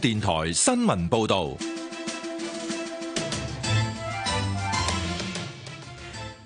電台新聞報道。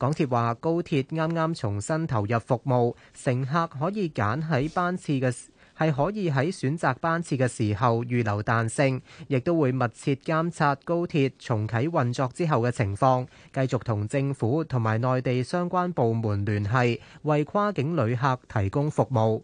港鐵話：高鐵啱啱重新投入服務，乘客可以揀喺班次嘅係可以喺選擇班次嘅時候預留彈性，亦都會密切監察高鐵重啟運作之後嘅情況，繼續同政府同埋內地相關部門聯繫，為跨境旅客提供服務。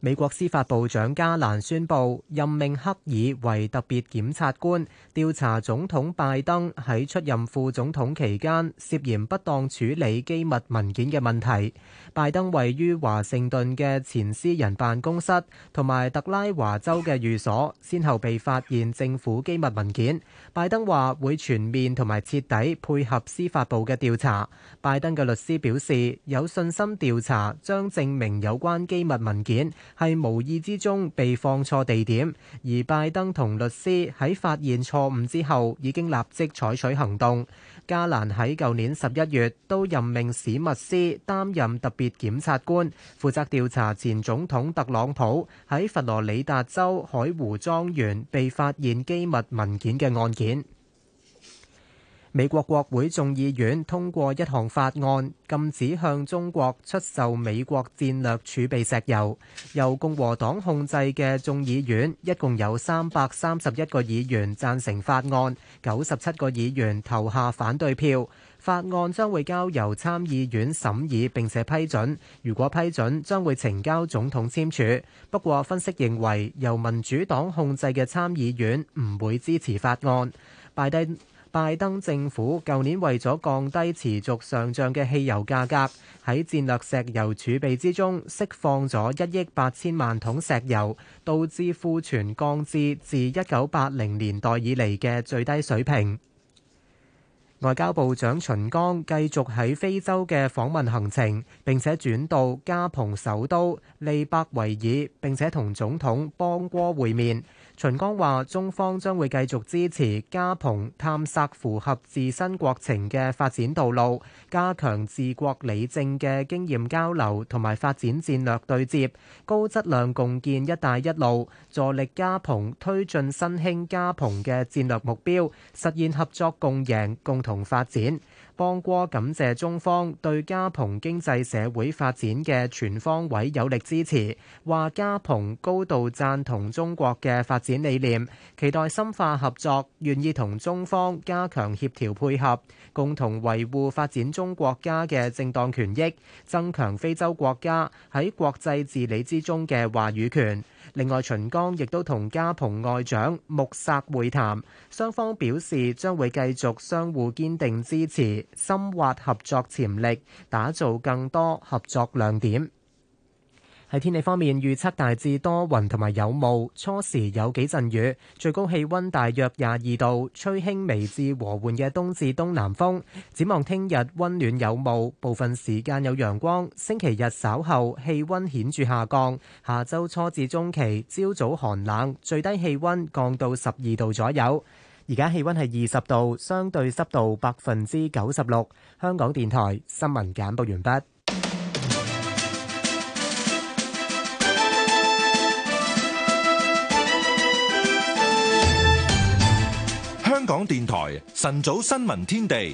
美國司法部長加蘭宣布任命克爾為特別檢察官，調查總統拜登喺出任副總統期間涉嫌不當處理機密文件嘅問題。拜登位於華盛頓嘅前私人辦公室同埋特拉華州嘅寓所，先後被發現政府機密文件。拜登話會全面同埋徹底配合司法部嘅調查。拜登嘅律師表示有信心調查，將證明有關機密文件係無意之中被放錯地點。而拜登同律師喺發現錯誤之後，已經立即採取行動。加蘭喺舊年十一月都任命史密斯擔任特別檢察官，負責調查前總統特朗普喺佛羅里達州海湖莊園被發現機密文件嘅案件。美國國會眾議院通過一項法案，禁止向中國出售美國戰略儲備石油。由共和黨控制嘅眾議院一共有三百三十一個議員贊成法案，九十七個議員投下反對票。法案將會交由參議院審議並且批准，如果批准，將會呈交總統簽署。不過，分析認為由民主黨控制嘅參議院唔會支持法案，拜登。拜登政府舊年為咗降低持續上漲嘅汽油價格，喺戰略石油儲備之中釋放咗一億八千萬桶石油，導致庫存降至自一九八零年代以嚟嘅最低水平。外交部長秦剛繼續喺非洲嘅訪問行程，並且轉到加蓬首都利伯維爾，並且同總統邦戈會面。秦剛話：中方將會繼續支持加蓬探索符合自身國情嘅發展道路，加強治國理政嘅經驗交流同埋發展戰略對接，高質量共建「一帶一路」，助力加蓬推進新興加蓬嘅戰略目標，實現合作共贏、共同發展。邦戈感謝中方對加蓬經濟社會發展嘅全方位有力支持，話加蓬高度贊同中國嘅發展理念，期待深化合作，願意同中方加強協調配合，共同維護發展中國家嘅正當權益，增強非洲國家喺國際治理之中嘅話語權。另外，秦剛亦都同加蓬外長穆薩會談，雙方表示將會繼續相互堅定支持，深挖合作潛力，打造更多合作亮點。喺天氣方面，預測大致多雲同埋有霧，初時有幾陣雨，最高氣溫大約廿二度，吹輕微至和緩嘅東至東南風。展望聽日溫暖有霧，部分時間有陽光。星期日稍後氣溫顯著下降，下周初至中期朝早寒冷，最低氣溫降到十二度左右。而家氣溫係二十度，相對濕度百分之九十六。香港電台新聞簡報完畢。港電台晨早新聞天地，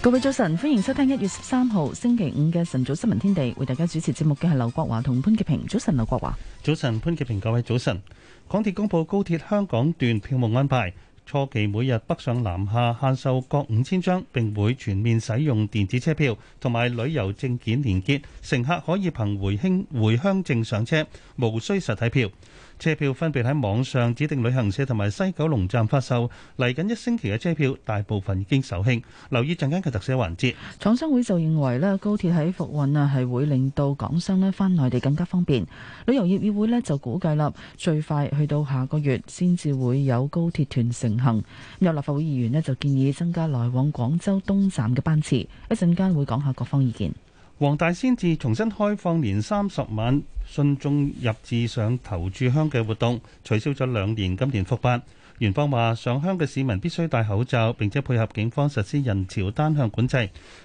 各位早晨，歡迎收聽一月十三號星期五嘅晨早新聞天地，為大家主持節目嘅係劉國華同潘潔平。早晨，劉國華，早晨，潘潔平，各位早晨。港鐵公佈高鐵香港段票務安排，初期每日北上南下限售各五千張，並會全面使用電子車票同埋旅遊證件連結，乘客可以憑回興回鄉證上車，無需實體票。車票分別喺網上指定旅行社同埋西九龍站發售，嚟緊一星期嘅車票大部分已經售罄。留意陣間嘅特寫環節，廠商會就認為呢，高鐵喺復運啊，係會令到港商呢返內地更加方便。旅遊業議會呢就估計啦，最快去到下個月先至會有高鐵團成行。有立法會議員呢就建議增加來往廣州東站嘅班次。一陣間會講下各方意見。黃大仙祠重新開放，年三十晚信眾入寺上頭柱香嘅活動，取消咗兩年，今年復辦。園方話：上香嘅市民必須戴口罩，並且配合警方實施人潮單向管制。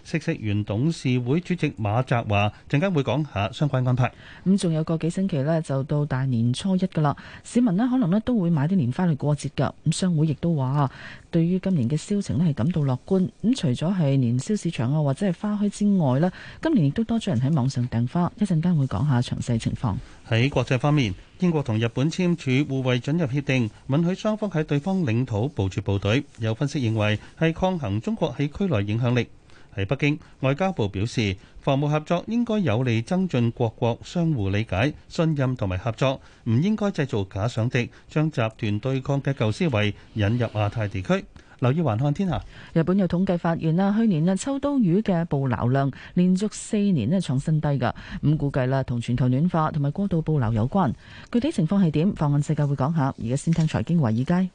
嗇色園董事會主席馬澤華話：陣間會講下相關安排。咁仲、嗯、有個幾星期呢，就到大年初一噶啦。市民呢，可能咧都會買啲年花嚟過節㗎。咁商會亦都話：對於今年嘅銷情呢，係感到樂觀。咁、嗯、除咗係年宵市場啊，或者係花墟之外呢，今年亦都多咗人喺網上訂花。一陣間會講下詳細情況。喺國際方面，英國同日本簽署互惠准入協定，允許雙方喺對方領土部署部隊。有分析認為，係抗衡中國喺區內影響力。喺北京，外交部表示，防務合作應該有利增進各國相互理解、信任同埋合作，唔應該製造假想敵，將集團對抗嘅舊思維引入亞太地區。留意環看天下。日本有統計發現啦，去年嘅秋刀魚嘅捕撈量連續四年咧創新低噶，咁估計啦，同全球暖化同埋過度捕撈有關。具體情況係點？放眼世界會講下。而家先聽財經華爾街。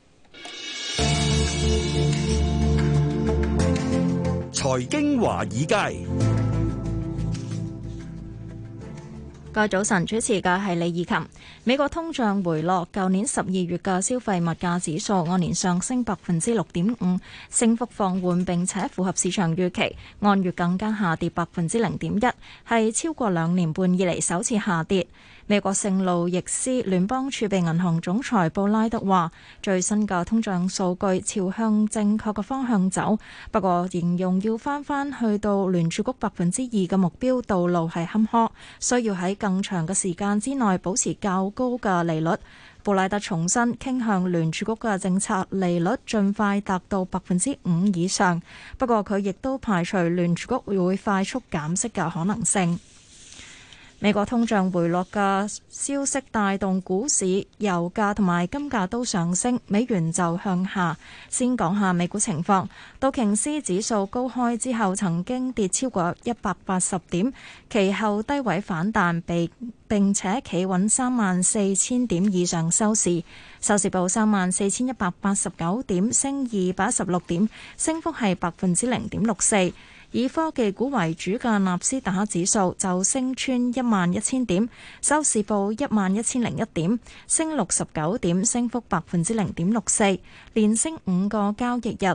財經華爾街。今日早晨主持嘅係李義琴。美國通脹回落，舊年十二月嘅消費物價指數按年上升百分之六點五，升幅放緩，並且符合市場預期。按月更加下跌百分之零點一，係超過兩年半以嚟，首次下跌。美國聖路易斯聯邦儲備銀行總裁布拉德話：最新嘅通脹數據朝向正確嘅方向走，不過形容要返返去到聯儲局百分之二嘅目標，道路係坎坷，需要喺更長嘅時間之內保持較高嘅利率。布拉德重申傾向聯儲局嘅政策利率盡快達到百分之五以上，不過佢亦都排除聯儲局會快速減息嘅可能性。美國通脹回落嘅消息帶動股市、油價同埋金價都上升，美元就向下。先講下美股情況，道瓊斯指數高開之後曾經跌超過一百八十點，其後低位反彈，被並且企穩三萬四千點以上收市，收市報三萬四千一百八十九點，升二百一十六點，升幅係百分之零點六四。以科技股為主嘅納斯達克指數就升穿一萬一千點，收市報一萬一千零一點，升六十九點，升幅百分之零點六四，連升五個交易日。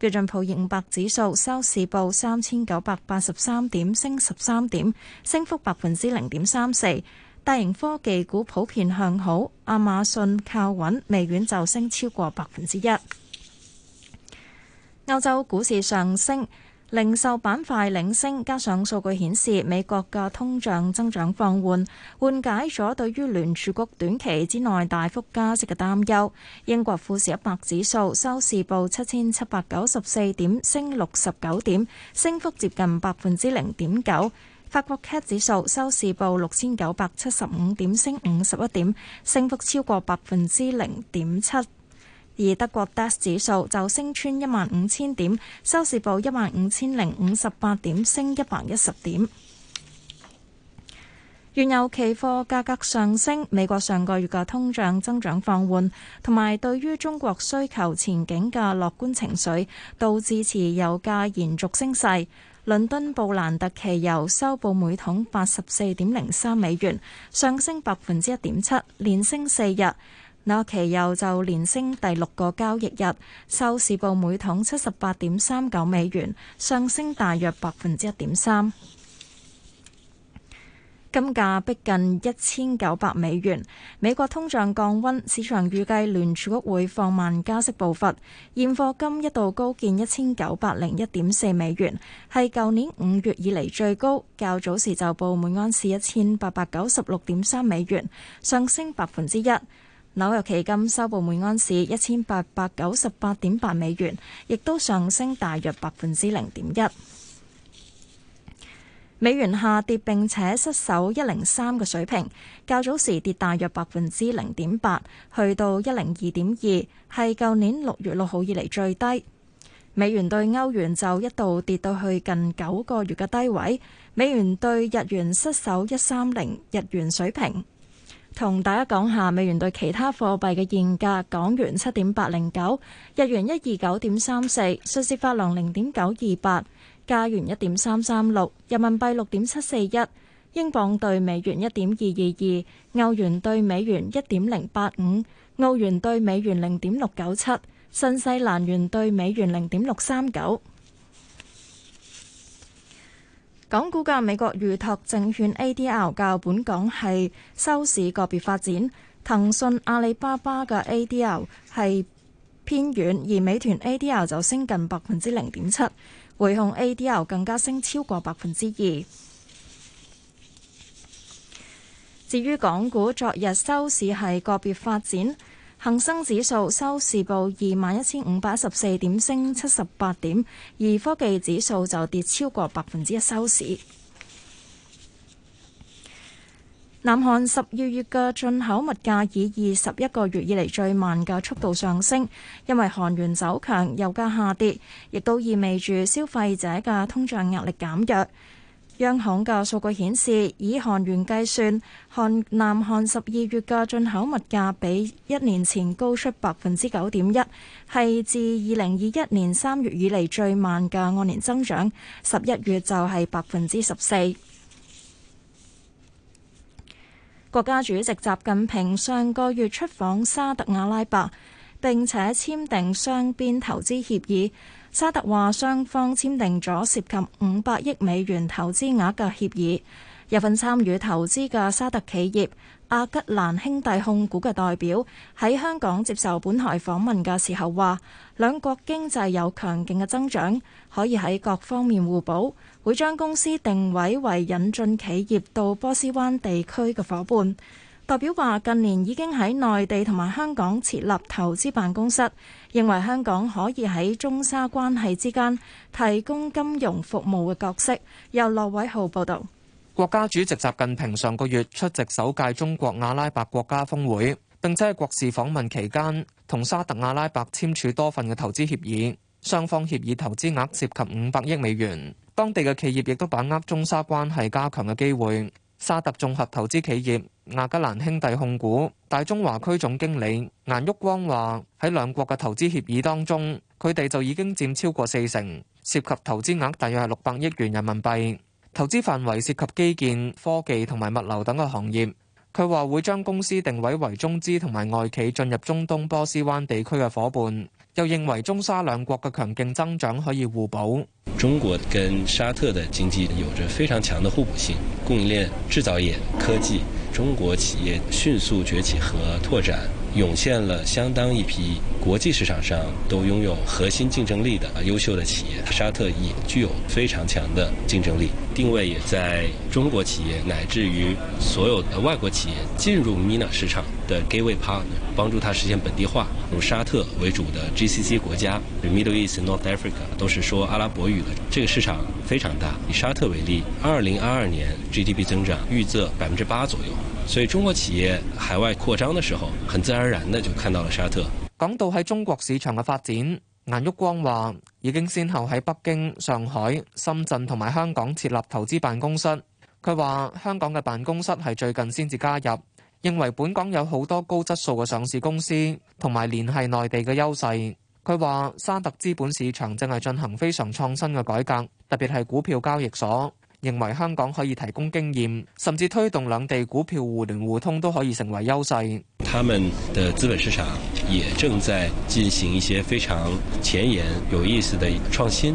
標準普爾五百指數收市報三千九百八十三點，升十三點，升幅百分之零點三四。大型科技股普遍向好，亞馬遜靠穩，微軟就升超過百分之一。歐洲股市上升。零售板塊領升，加上數據顯示美國嘅通脹增長放緩，緩解咗對於聯儲局短期之內大幅加息嘅擔憂，英國富時一百指數收市報七千七百九十四點，升六十九點，升幅接近百分之零點九。法國 CAC 指數收市報六千九百七十五點，升五十一點，升幅超過百分之零點七。而德國 DAX 指數就升穿一萬五千點，收市報一萬五千零五十八點，升一百一十點。原油期貨價格上升，美國上個月嘅通脹增長放緩，同埋對於中國需求前景嘅樂觀情緒，導致持油價延續升勢。倫敦布蘭特期油收報每桶八十四點零三美元，上升百分之一點七，連升四日。紐期油就連升第六個交易日，收市報每桶七十八點三九美元，上升大約百分之一點三。金價逼近一千九百美元，美國通脹降温，市場預計聯儲局會放慢加息步伐。現貨金一度高見一千九百零一點四美元，係舊年五月以嚟最高。較早時就報每安士一千八百九十六點三美元，上升百分之一。紐約期金收報每盎司一千八百九十八點八美元，亦都上升大約百分之零點一。美元下跌並且失守一零三嘅水平，較早時跌大約百分之零點八，去到一零二點二，係舊年六月六號以嚟最低。美元對歐元就一度跌到去近九個月嘅低位，美元對日元失守一三零日元水平。同大家講下美元對其他貨幣嘅現價：港元七點八零九，日元一二九點三四，瑞士法郎零點九二八，加元一點三三六，人民幣六點七四一，英鎊兌美元一點二二二，歐元兌美元一點零八五，澳元兌美元零點六九七，新西蘭元兌美元零點六三九。港股嘅美國預託證券 ADL 較本港係收市個別發展，騰訊、阿里巴巴嘅 ADL 係偏軟，而美團 ADL 就升近百分之零點七，匯控 ADL 更加升超過百分之二。至於港股昨日收市係個別發展。恒生指數收市報二萬一千五百一十四點，升七十八點。而科技指數就跌超過百分之一收市。南韓十二月嘅進口物價以二十一個月以嚟最慢嘅速度上升，因為韓元走強、油價下跌，亦都意味住消費者嘅通脹壓力減弱。央行嘅數據顯示，以韓元計算，南韓南韓十二月嘅進口物價比一年前高出百分之九點一，係自二零二一年三月以嚟最慢嘅按年增長，十一月就係百分之十四。國家主席習近平上個月出訪沙特阿拉伯，並且簽訂雙邊投資協議。沙特話雙方簽訂咗涉及五百億美元投資額嘅協議。有份參與投資嘅沙特企業阿吉蘭兄弟控股嘅代表喺香港接受本台訪問嘅時候話：兩國經濟有強勁嘅增長，可以喺各方面互補，會將公司定位為引進企業到波斯灣地區嘅伙伴。代表話：近年已經喺內地同埋香港設立投資辦公室，認為香港可以喺中沙關係之間提供金融服務嘅角色。由駱偉豪報導。國家主席習近平上個月出席首屆中國阿拉伯國家峰會，並且喺國事訪問期間同沙特阿拉伯簽署多份嘅投資協議，雙方協議投資額涉及五百億美元。當地嘅企業亦都把握中沙關係加強嘅機會，沙特綜合投資企業，亞吉蘭兄弟控股大中華區總經理顏旭光話，喺兩國嘅投資協議當中，佢哋就已經佔超過四成，涉及投資額大約係六百億元人民幣。投資範圍涉及基建、科技同埋物流等嘅行業。佢話會將公司定位為中資同埋外企進入中東波斯灣地區嘅夥伴。又認為中沙兩國嘅強勁增長可以互補。中國跟沙特的經濟有着非常強的互補性，供應鏈、製造業、科技，中國企業迅速崛起和拓展。湧現了相當一批國際市場上都擁有核心競爭力的優秀的企業。沙特也具有非常強的競爭力，定位也在中國企業乃至於所有的外國企業進入 MENA 市場的 Gateway Partner 幫助它實現本地化。如沙特為主的 GCC 國家，Middle East、North Africa 都是說阿拉伯語的，這個市場非常大。以沙特為例，二零二二年 GDP 增長預測百分之八左右。所以中國企業海外擴張嘅時候，很自然而然地就看到了沙特。講到喺中國市場嘅發展，顏旭光話已經先後喺北京、上海、深圳同埋香港設立投資辦公室。佢話香港嘅辦公室係最近先至加入，認為本港有好多高質素嘅上市公司，同埋聯繫內地嘅優勢。佢話沙特資本市場正係進行非常創新嘅改革，特別係股票交易所。認為香港可以提供經驗，甚至推動兩地股票互聯互通都可以成為優勢。他們的資本市場也正在進行一些非常前沿、有意思的創新。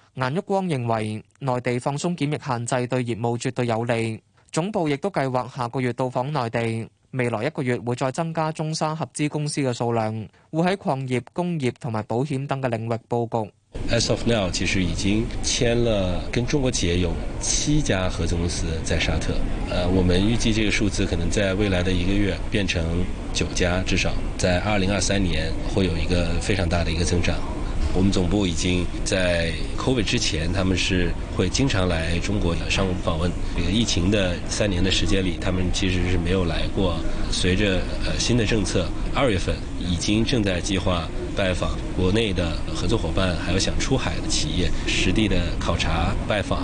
顏旭光認為內地放鬆檢疫限制對業務絕對有利，總部亦都計劃下個月到訪內地，未來一個月會再增加中山合資公司嘅數量，會喺礦業、工業同埋保險等嘅領域佈局。As of now，其實已經簽了跟中國企業有七家合資公司在沙特，uh, 我們預計這個數字可能在未來的一個月變成九家，至少在二零二三年會有一個非常大的一個增長。我們總部已經在 COVID 之前，他們是會經常來中國的商務訪問。這個疫情的三年的時間裏，他們其實是沒有來過。隨着呃新的政策，二月份已經正在計劃拜訪國內的合作伙伴，還有想出海的企業實地的考察拜訪，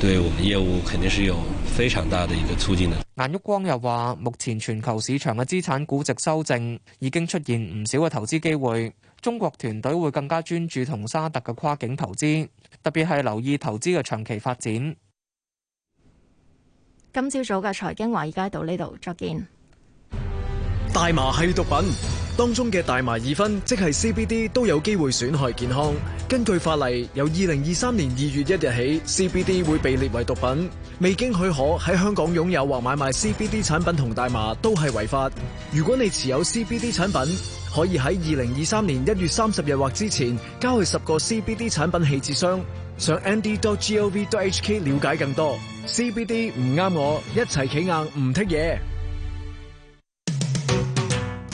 對我們業務肯定是有非常大的一個促進的。顏旭光又話，目前全球市場嘅資產估值修正已經出現唔少嘅投資機會。中國團隊會更加專注同沙特嘅跨境投資，特別係留意投資嘅長期發展。今朝早嘅財經華爾街到呢度再見。大麻係毒品當中嘅大麻二酚，即係 CBD，都有機會損害健康。根據法例，由二零二三年二月一日起，CBD 會被列為毒品。未經許可喺香港擁有或買賣 CBD 產品同大麻都係違法。如果你持有 CBD 產品，可以喺二零二三年一月三十日或之前交去十個 CBD 產品棄置箱，上 nd.gov.hk 了解更多。CBD 唔啱我，一齊企硬唔剔嘢。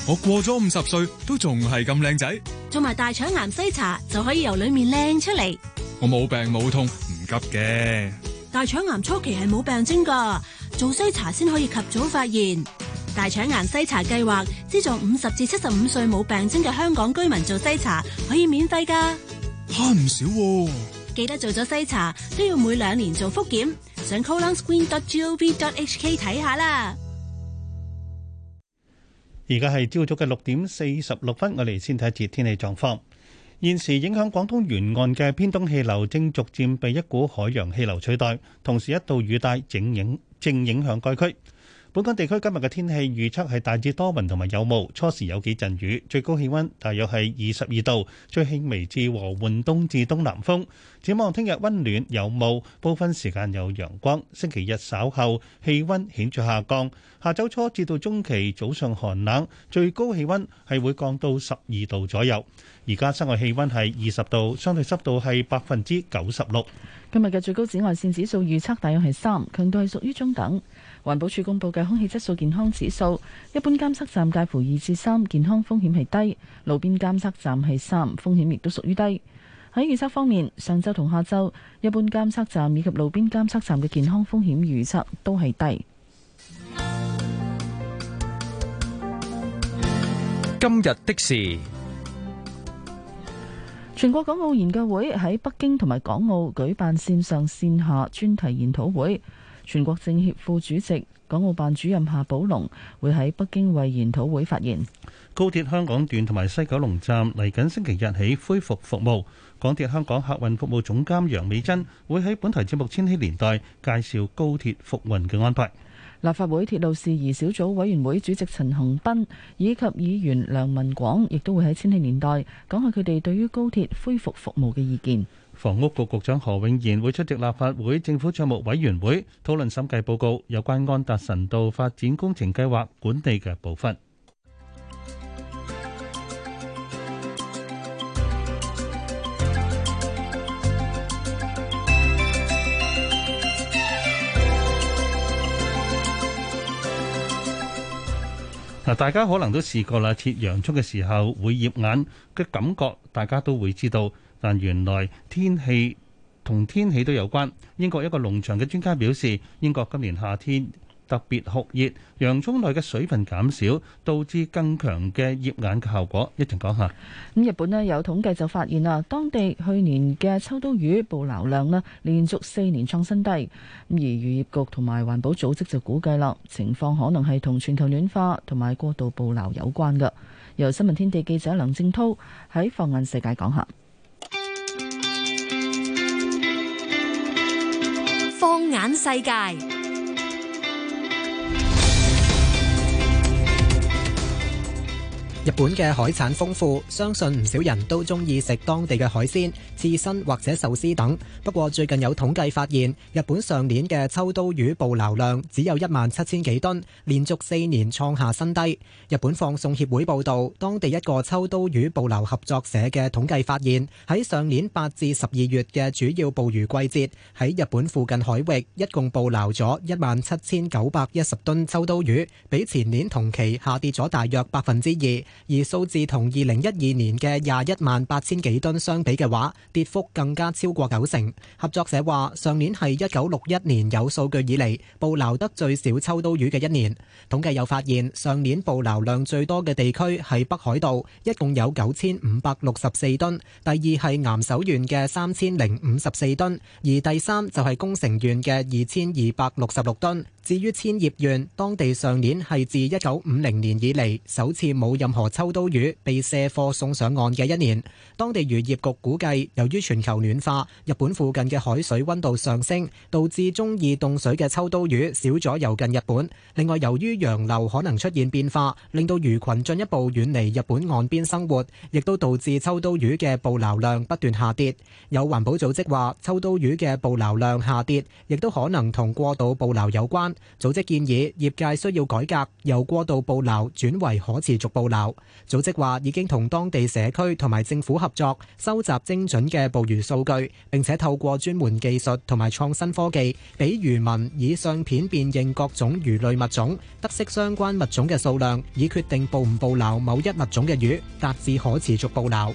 我過咗五十歲都仲係咁靚仔。做埋大腸癌篩查就可以由裏面靚出嚟。我冇病冇痛，唔急嘅。大腸癌初期係冇病徵㗎，做篩查先可以及早發現。大腸癌篩查計劃資助五十至七十五歲冇病徵嘅香港居民做篩查，可以免費㗎，慳唔少。記得做咗篩查都要每兩年做復檢，上 colonscreen.gov.hk 睇下啦。而家係朝早嘅六點四十六分，我哋先睇一節天氣狀況。現時影響廣東沿岸嘅偏東氣流正逐漸被一股海洋氣流取代，同時一道雨帶正影正影響該區。本港地區今日嘅天氣預測係大致多雲同埋有霧，初時有幾陣雨，最高氣温大約係二十二度，吹輕微至和緩東至東南風。展望聽日温暖有霧，部分時間有陽光。星期日稍後氣温顯著下降，下週初至到中期早上寒冷，最高氣温係會降到十二度左右。而家室外氣温係二十度，相對濕度係百分之九十六。今日嘅最高紫外線指數預測大約係三，強度係屬於中等。環保署公布嘅空氣質素健康指數，一般監測站介乎二至三，健康風險係低；路邊監測站係三，風險亦都屬於低。喺預測方面，上周同下周，一般監測站以及路邊監測站嘅健康風險預測都係低。今日的事，全國港澳研究會喺北京同埋港澳舉辦線上線下專題研討會。全國政協副主席、港澳辦主任夏寶龍會喺北京為研討會發言。高鐵香港段同埋西九龍站嚟緊星期日起恢復服務，港鐵香港客運服務總監楊美珍會喺本台節目《千禧年代》介紹高鐵復運嘅安排。立法會鐵路事宜小組委員會主席陳恒鑌以及議員梁文廣亦都會喺《千禧年代》講下佢哋對於高鐵恢復服務嘅意見。房屋局局長何永賢會出席立法會政府賬目委員會討論審計報告有關安達臣道發展工程計劃管理嘅部分。嗱，大家可能都試過啦，切洋蔥嘅時候會醃眼嘅感覺，大家都會知道。但原來天氣同天氣都有關。英國一個農場嘅專家表示，英國今年夏天特別酷熱，洋葱內嘅水分減少，導致更強嘅葉眼嘅效果。一陣講下咁，日本咧有統計就發現啦，當地去年嘅秋刀魚捕撈量咧連續四年創新低。咁而漁業局同埋環保組織就估計啦，情況可能係同全球暖化同埋過度捕撈有關嘅。由新聞天地記者梁正濤喺放眼世界講下。眼世界。日本嘅海產豐富，相信唔少人都中意食當地嘅海鮮、刺身或者壽司等。不過，最近有統計發現，日本上年嘅秋刀魚捕撈量只有一萬七千幾噸，連續四年創下新低。日本放送協會報導，當地一個秋刀魚捕撈合作社嘅統計發現，喺上年八至十二月嘅主要捕魚季節，喺日本附近海域一共捕撈咗一萬七千九百一十噸秋刀魚，比前年同期下跌咗大約百分之二。而數字同二零一二年嘅廿一萬八千幾噸相比嘅話，跌幅更加超過九成。合作社話：上年係一九六一年有數據以嚟捕撈得最少秋刀魚嘅一年。統計又發現，上年捕撈量最多嘅地區係北海道，一共有九千五百六十四噸；第二係岩手縣嘅三千零五十四噸，而第三就係宮城縣嘅二千二百六十六噸。至於千葉縣，當地上年係自一九五零年以嚟首次冇任何秋刀魚被卸貨送上岸嘅一年，當地漁業局估計，由於全球暖化，日本附近嘅海水温度上升，導致中意凍水嘅秋刀魚少咗游近日本。另外，由於洋流可能出現變化，令到魚群進一步遠離日本岸邊生活，亦都導致秋刀魚嘅捕撈量不斷下跌。有環保組織話，秋刀魚嘅捕撈量下跌，亦都可能同過度捕撈有關。組織建議業界需要改革，由過度捕撈轉為可持續捕撈。組織話已經同當地社區同埋政府合作，收集精準嘅捕魚數據，並且透過專門技術同埋創新科技，俾漁民以相片辨認各種魚類物種，得悉相關物種嘅數量，以決定捕唔捕撈某一物種嘅魚，達至可持續捕撈。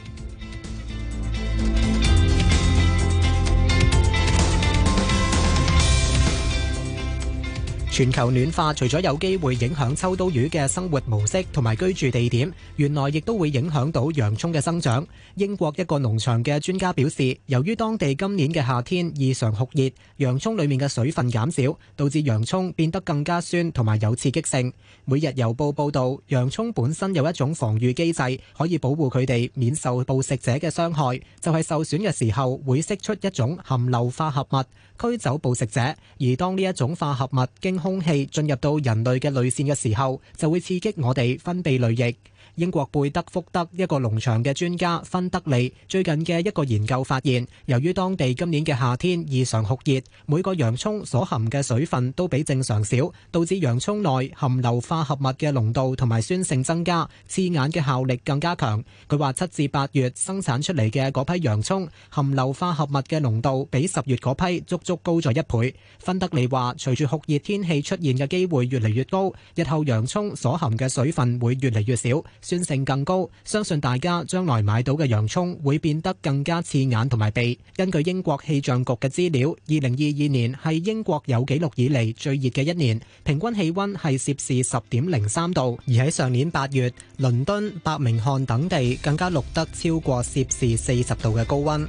全球暖化除咗有機會影響秋刀魚嘅生活模式同埋居住地點，原來亦都會影響到洋葱嘅生長。英國一個農場嘅專家表示，由於當地今年嘅夏天異常酷熱，洋蔥裡面嘅水分減少，導致洋蔥變得更加酸同埋有刺激性。每日郵報報導，洋蔥本身有一種防禦機制，可以保護佢哋免受捕食者嘅傷害，就係、是、受損嘅時候會釋出一種含硫化合物驅走捕食者。而當呢一種化合物經空氣進入到人類嘅淚腺嘅時候，就會刺激我哋分泌淚液。英國貝德福德一個農場嘅專家芬德利最近嘅一個研究發現，由於當地今年嘅夏天異常酷熱，每個洋蔥所含嘅水分都比正常少，導致洋蔥內含硫化合物嘅濃度同埋酸性增加，刺眼嘅效力更加強。佢話，七至八月生產出嚟嘅嗰批洋蔥含硫化合物嘅濃度比十月嗰批足足高咗一倍。芬德利話，隨住酷熱天氣出現嘅機會越嚟越高，日後洋蔥所含嘅水分會越嚟越少。酸性更高，相信大家將來買到嘅洋葱會變得更加刺眼同埋鼻。根據英國氣象局嘅資料，二零二二年係英國有記錄以嚟最熱嘅一年，平均氣温係攝氏十點零三度，而喺上年八月，倫敦、伯明翰等地更加錄得超過攝氏四十度嘅高温。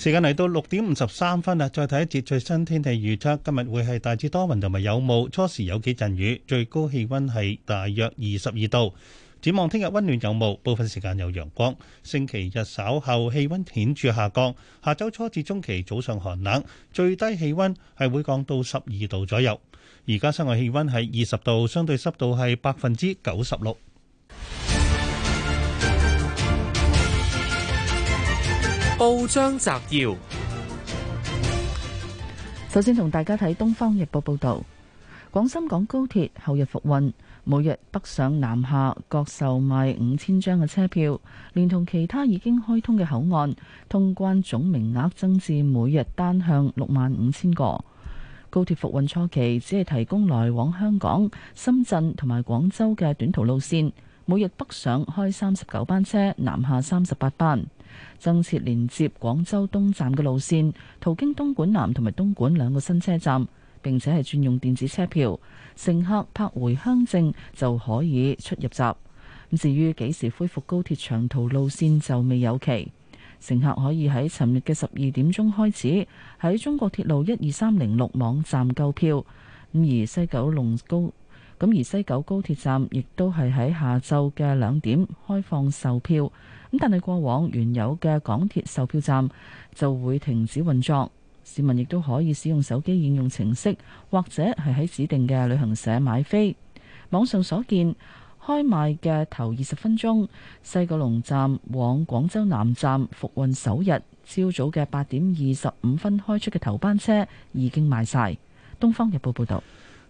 時間嚟到六點五十三分啦，再睇一節最新天氣預測。今日會係大致多雲同埋有霧，初時有幾陣雨，最高氣溫係大約二十二度。展望聽日溫暖有霧，部分時間有陽光。星期日稍後氣溫顯著下降，下周初至中期早上寒冷，最低氣溫係會降到十二度左右。而家室外氣溫係二十度，相對濕度係百分之九十六。報章摘要：首先同大家睇《東方日報》報道，廣深港高鐵後日複運，每日北上南下各售賣五千張嘅車票，連同其他已經開通嘅口岸，通關總名額增至每日單向六萬五千個。高鐵複運初期只係提供來往香港、深圳同埋廣州嘅短途路線，每日北上開三十九班車，南下三十八班，增設連接廣州東站嘅路線，途經東莞南同埋東莞兩個新車站，並且係專用電子車票，乘客拍回鄉證就可以出入閘。至於幾時恢復高鐵長途路線就未有期。乘客可以喺尋日嘅十二點鐘開始喺中國鐵路一二三零六網站購票。咁而西九龍高咁而西九高鐵站亦都係喺下晝嘅兩點開放售票。咁但係過往原有嘅港鐵售票站就會停止運作，市民亦都可以使用手機應用程式或者係喺指定嘅旅行社買飛。網上所見開賣嘅頭二十分鐘，西九龍站往廣州南站復運首日，朝早嘅八點二十五分開出嘅頭班車已經賣晒。東方日報報道。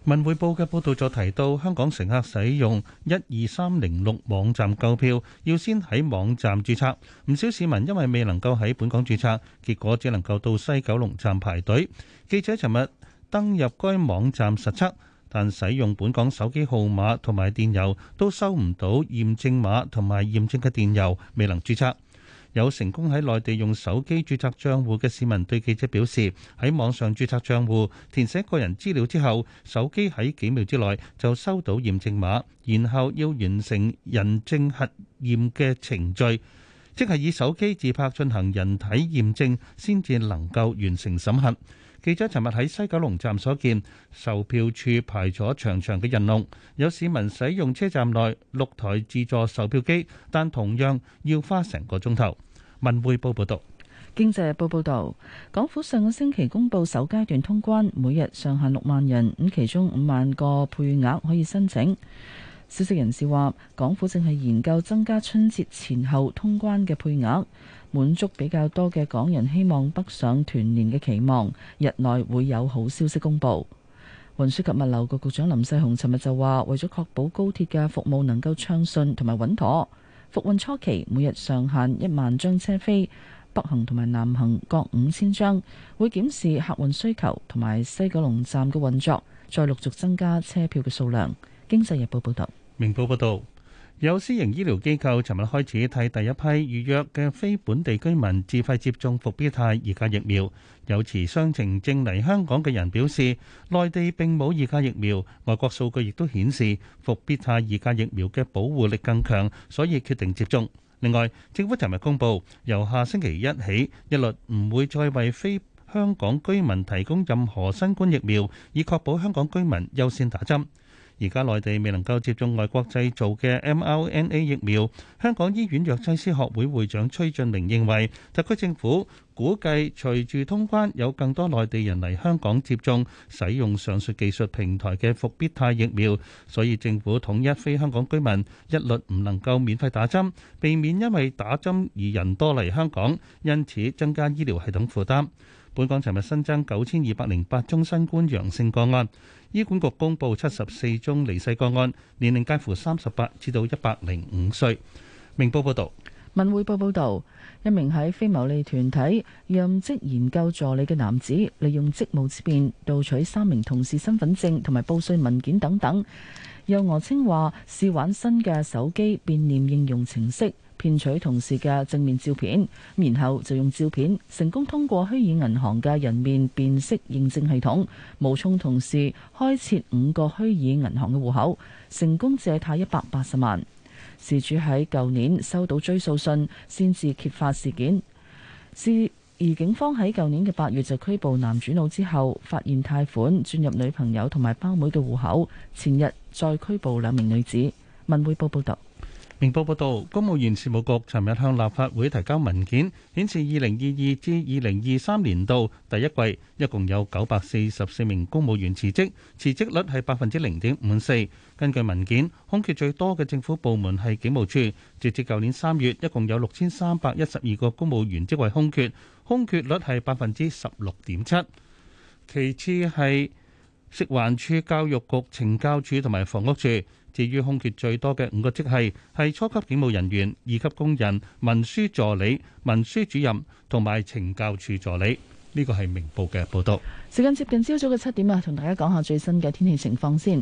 文匯報嘅報道就提到，香港乘客使用一二三零六網站購票，要先喺網站註冊。唔少市民因為未能夠喺本港註冊，結果只能夠到西九龍站排隊。記者尋日登入該網站實測，但使用本港手機號碼同埋電郵都收唔到驗證碼，同埋驗證嘅電郵未能註冊。有成功喺內地用手機註冊帳戶嘅市民對記者表示：喺網上註冊帳戶，填寫個人資料之後，手機喺幾秒之內就收到驗證碼，然後要完成人證核驗嘅程序，即係以手機自拍進行人體驗證，先至能夠完成審核。記者尋日喺西九龍站所見，售票處排咗長長嘅人龍，有市民使用車站內六台自助售票機，但同樣要花成個鐘頭。文匯報報道：「經濟日報報道，港府上個星期公布首階段通關，每日上限六萬人，咁其中五萬個配額可以申請。」消息人士話，港府正係研究增加春節前後通關嘅配額。滿足比較多嘅港人希望北上團年嘅期望，日內會有好消息公布。運輸及物流局局長林世雄尋日就話，為咗確保高鐵嘅服務能夠暢順同埋穩妥，復運初期每日上限一萬張車飛，北行同埋南行各五千張，會檢視客運需求同埋西九龍站嘅運作，再陸續增加車票嘅數量。經濟日報報道。明報報道。有私營醫療機構尋日開始替第一批預約嘅非本地居民自費接種復必泰二價疫苗。有持雙程證嚟香港嘅人表示，內地並冇二價疫苗，外國數據亦都顯示復必泰二價疫苗嘅保護力更強，所以決定接種。另外，政府尋日公布，由下星期一起，一律唔會再為非香港居民提供任何新冠疫苗，以確保香港居民優先打針。而家內地未能夠接種外國製造嘅 mRNA 疫苗，香港醫院藥劑師學會會長崔俊明認為，特區政府估計隨住通關有更多內地人嚟香港接種使用上述技術平台嘅復必泰疫苗，所以政府統一非香港居民一律唔能夠免費打針，避免因為打針而人多嚟香港，因此增加醫療系統負擔。本港尋日新增九千二百零八宗新冠陽性個案。醫管局公布七十四宗離世個案，年齡介乎三十八至到一百零五歲。明報報道，文匯報報道，一名喺非牟利團體任職研究助理嘅男子，利用職務之便盜取三名同事身份證同埋報稅文件等等。又訛稱話試玩新嘅手機變臉應用程式。騙取同事嘅正面照片，然後就用照片成功通過虛擬銀行嘅人面辨識認證系統，冒充同事開設五個虛擬銀行嘅戶口，成功借貸一百八十萬。事主喺舊年收到追訴信，先至揭發事件。而警方喺舊年嘅八月就拘捕男主腦之後，發現貸款轉入女朋友同埋包妹嘅戶口。前日再拘捕兩名女子。文匯報報道。明報報道，公務員事務局尋日向立法會提交文件，顯示二零二二至二零二三年度第一季，一共有九百四十四名公務員辭職，辭職率係百分之零點五四。根據文件，空缺最多嘅政府部門係警務處，截至舊年三月，一共有六千三百一十二個公務員職位空缺，空缺率係百分之十六點七。其次係食環署、教育局、懲教署同埋房屋處。至於空缺最多嘅五個職系，係初級警務人員、二級工人、文書助理、文書主任同埋懲教署助理。呢個係明報嘅報道。時間接近朝早嘅七點啊，同大家講下最新嘅天氣情況先。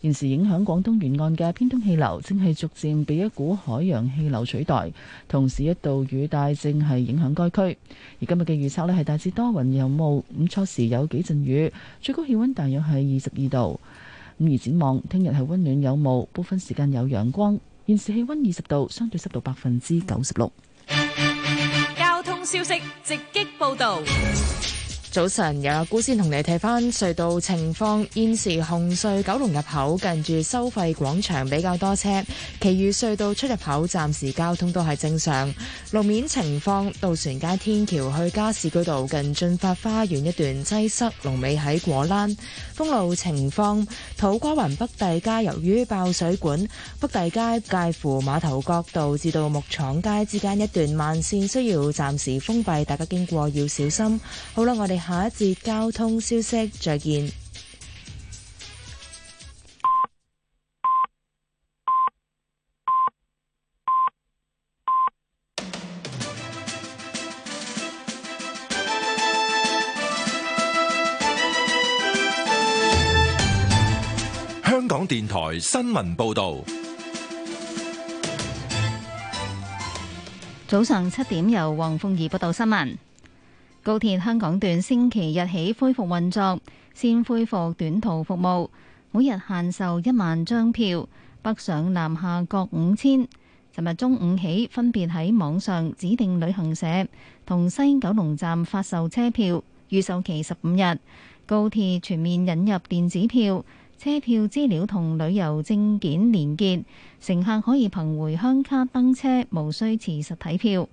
現時影響廣東沿岸嘅偏東氣流正係逐漸被一股海洋氣流取代，同時一道雨帶正係影響該區。而今日嘅預測呢，係大致多雲有霧，午初時有幾陣雨，最高氣溫大約係二十二度。而展望，聽日係温暖有霧，部分時間有陽光。現時氣温二十度，相對濕度百分之九十六。交通消息，直擊報道。早晨，有阿姑先同你睇翻隧道情況。現時紅隧九龍入口近住收費廣場比較多車，其餘隧道出入口暫時交通都係正常。路面情況，渡船街天橋去加士居道近駿發花園一段擠塞，龍尾喺果欄。封路情況，土瓜灣北帝街由於爆水管，北帝街介乎碼頭角道至到木廠街之間一段慢綫需要暫時封閉，大家經過要小心。好啦，我哋。下一節交通消息，再見。香港電台新聞報道，早上七點由黃鳳儀報道新聞。高鐵香港段星期日起恢復運作，先恢復短途服務，每日限售一萬張票，北上南下各五千。尋日中午起，分別喺網上指定旅行社同西九龍站發售車票，預售期十五日。高鐵全面引入電子票，車票資料同旅遊證件連結，乘客可以憑回鄉卡登車，無需持實體票。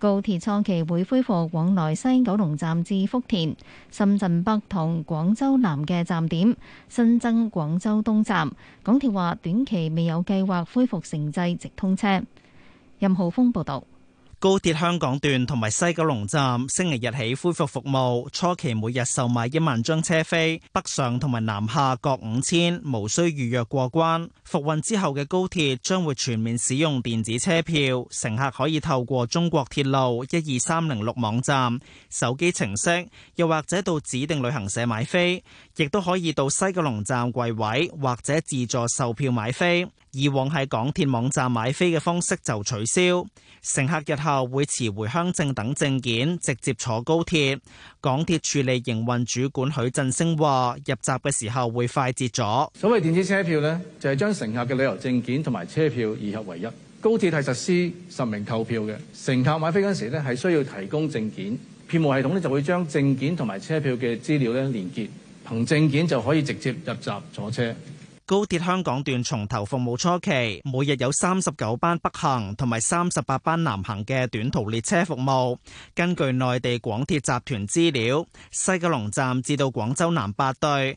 高鐵初期會恢復往來西九龍站至福田、深圳北同廣州南嘅站點，新增廣州東站。港鐵話短期未有計劃恢復城際直通車。任浩峰報導。高鐵香港段同埋西九龍站星期日起恢復服務，初期每日售賣一萬張車飛，北上同埋南下各五千，無需預約過關。復運之後嘅高鐵將會全面使用電子車票，乘客可以透過中國鐵路一二三零六網站、手機程式，又或者到指定旅行社買飛，亦都可以到西九龍站櫃位或者自助售票買飛。以往喺港鐵網站買飛嘅方式就取消，乘客日後會持回鄉證等證件直接坐高鐵。港鐵處理營運主管許振興話，入閘嘅時候會快捷咗。所謂電子車票呢，就係將乘客嘅旅遊證件同埋車票二合為一。高鐵係實施實名購票嘅，乘客買飛嗰陣時呢係需要提供證件，票務系統呢，就會將證件同埋車票嘅資料呢連結，憑證件就可以直接入閘坐車。高鐵香港段重投服務初期，每日有三十九班北行同埋三十八班南行嘅短途列車服務。根據內地廣鐵集團資料，西九龍站至到廣州南八對。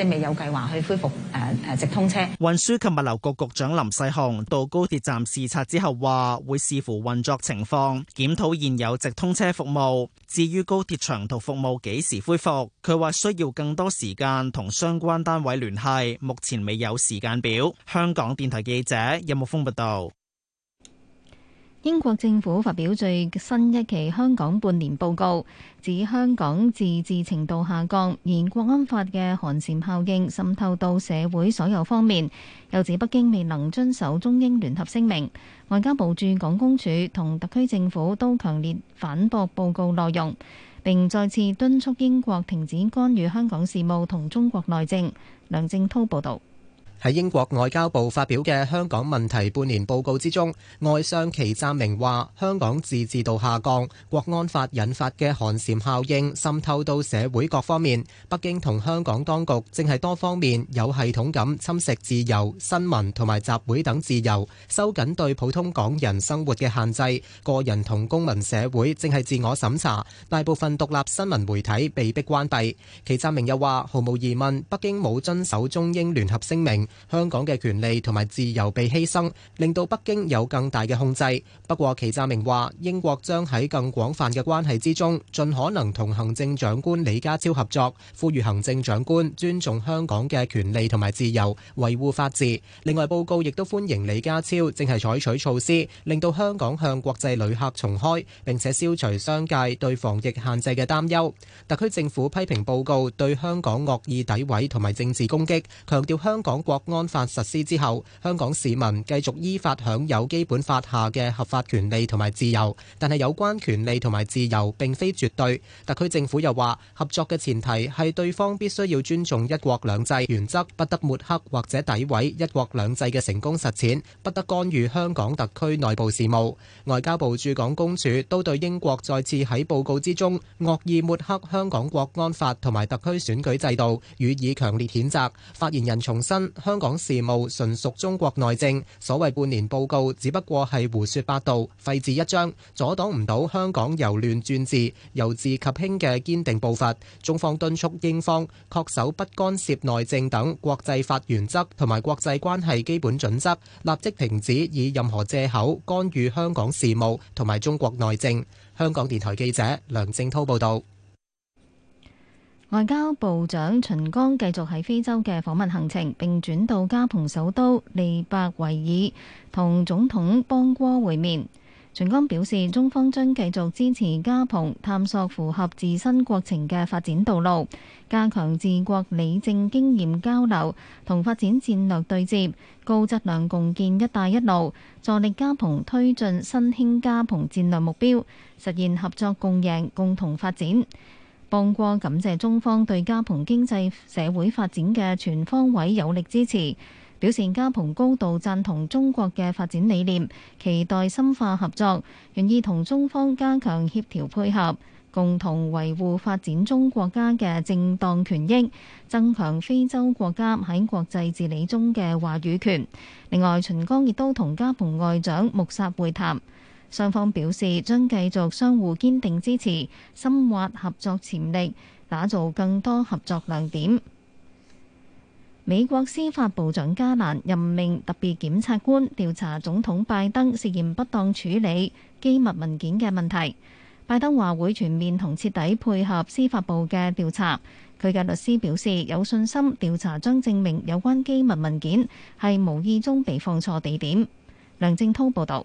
即係未有計劃去恢復誒誒直通車。運輸及物流局局長林世雄到高鐵站視察之後，話會視乎運作情況，檢討現有直通車服務。至於高鐵長途服務幾時恢復，佢話需要更多時間同相關單位聯繫，目前未有時間表。香港電台記者任木峯報道。英國政府發表最新一期香港半年報告，指香港自治程度下降，而《國安法》嘅寒蟬效應滲透到社會所有方面，又指北京未能遵守中英聯合聲明。外交部駐港公署同特區政府都強烈反駁報告內容，並再次敦促英國停止干預香港事務同中國內政。梁正濤報導。喺英國外交部發表嘅香港問題半年報告之中，外相祁湛明話：香港自治度下降，國安法引發嘅寒蟬效應滲透到社會各方面。北京同香港當局正係多方面有系統咁侵蝕自由、新聞同埋集會等自由，收緊對普通港人生活嘅限制，個人同公民社會正係自我審查。大部分獨立新聞媒體被逼關閉。祁湛明又話：毫無疑問，北京冇遵守中英聯合聲明。香港嘅權利同埋自由被犧牲，令到北京有更大嘅控制。不過，祁湛明話英國將喺更廣泛嘅關係之中，盡可能同行政長官李家超合作，呼籲行政長官尊重香港嘅權利同埋自由，維護法治。另外，報告亦都歡迎李家超正係採取措施，令到香港向國際旅客重開，並且消除商界對防疫限制嘅擔憂。特區政府批評報告對香港惡意詆毀同埋政治攻擊，強調香港國。安法實施之後，香港市民繼續依法享有基本法下嘅合法權利同埋自由，但係有關權利同埋自由並非絕對。特區政府又話，合作嘅前提係對方必須要尊重一國兩制原則，不得抹黑或者詆毀一國兩制嘅成功實踐，不得干預香港特區內部事務。外交部駐港公署都對英國再次喺報告之中惡意抹黑香港國安法同埋特區選舉制度，予以強烈譴責。發言人重申。香港事務純屬中國內政，所謂半年報告只不過係胡說八道、廢紙一張，阻擋唔到香港由亂轉治、由治及興嘅堅定步伐。中方敦促英方恪守不干涉內政等國際法原則同埋國際關係基本準則，立即停止以任何借口干預香港事務同埋中國內政。香港電台記者梁正滔報導。外交部長秦剛繼續喺非洲嘅訪問行程，並轉到加蓬首都利伯維爾同總統邦戈會面。秦剛表示，中方將繼續支持加蓬探索符合自身國情嘅發展道路，加強治國理政經驗交流同發展戰略對接，高質量共建“一帶一路”，助力加蓬推進新興加蓬戰略目標，實現合作共贏、共同發展。邦過感謝中方對加蓬經濟社會發展嘅全方位有力支持，表示加蓬高度贊同中國嘅發展理念，期待深化合作，願意同中方加強協調配合，共同維護發展中國家嘅正當權益，增強非洲國家喺國際治理中嘅話語權。另外，秦剛亦都同加蓬外長穆薩會談。雙方表示將繼續相互堅定支持，深挖合作潛力，打造更多合作亮點。美國司法部長加蘭任命特別檢察官調查總統拜登涉嫌不當處理機密文件嘅問題。拜登話會全面同徹底配合司法部嘅調查。佢嘅律師表示有信心，調查將證明有關機密文件係無意中被放錯地點。梁正濤報導。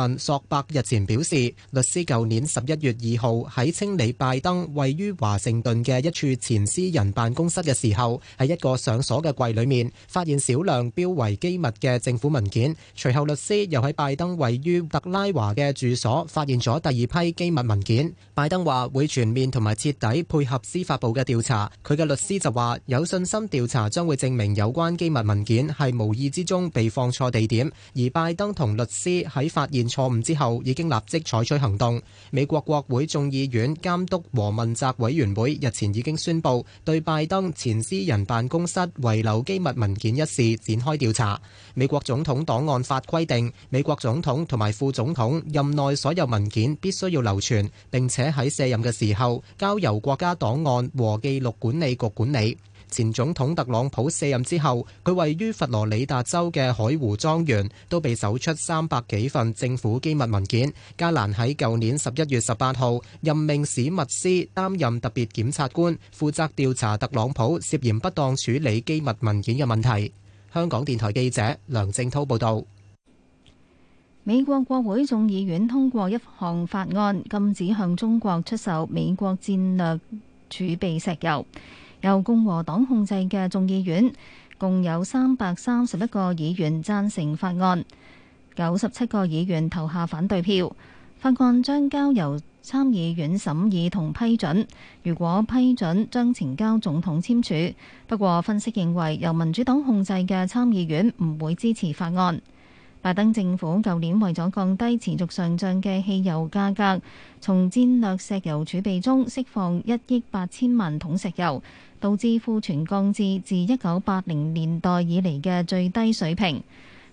索伯日前表示，律師舊年十一月二號喺清理拜登位於華盛頓嘅一處前私人辦公室嘅時候，喺一個上鎖嘅櫃裏面發現少量標為機密嘅政府文件。隨後，律師又喺拜登位於特拉華嘅住所發現咗第二批機密文件。拜登話會全面同埋徹底配合司法部嘅調查，佢嘅律師就話有信心調查將會證明有關機密文件係無意之中被放錯地點，而拜登同律師喺發現錯誤之後已經立即採取行動。美國國會眾議院監督和問責委員會日前已經宣布對拜登前私人辦公室遺留機密文件一事展開調查。美國總統檔案法規定，美國總統同埋副總統任內所有文件必須要留存，並且喺卸任嘅時候交由國家檔案和記錄管理局管理。前總統特朗普卸任之後，佢位於佛羅里達州嘅海湖莊園都被搜出三百幾份政府機密文件。加蘭喺舊年十一月十八號任命史密斯擔任特別檢察官，負責調查特朗普涉嫌不當處理機密文件嘅問題。香港電台記者梁正滔報道。美國國會眾議院通過一項法案，禁止向中國出售美國戰略儲備石油。由共和黨控制嘅眾議院共有三百三十一個議員贊成法案，九十七個議員投下反對票。法案將交由參議院審議同批准，如果批准，將呈交總統簽署。不過，分析認為由民主黨控制嘅參議院唔會支持法案。拜登政府舊年為咗降低持續上漲嘅汽油價格，從戰略石油儲備中釋放一億八千萬桶石油。導致庫存降至自一九八零年代以嚟嘅最低水平。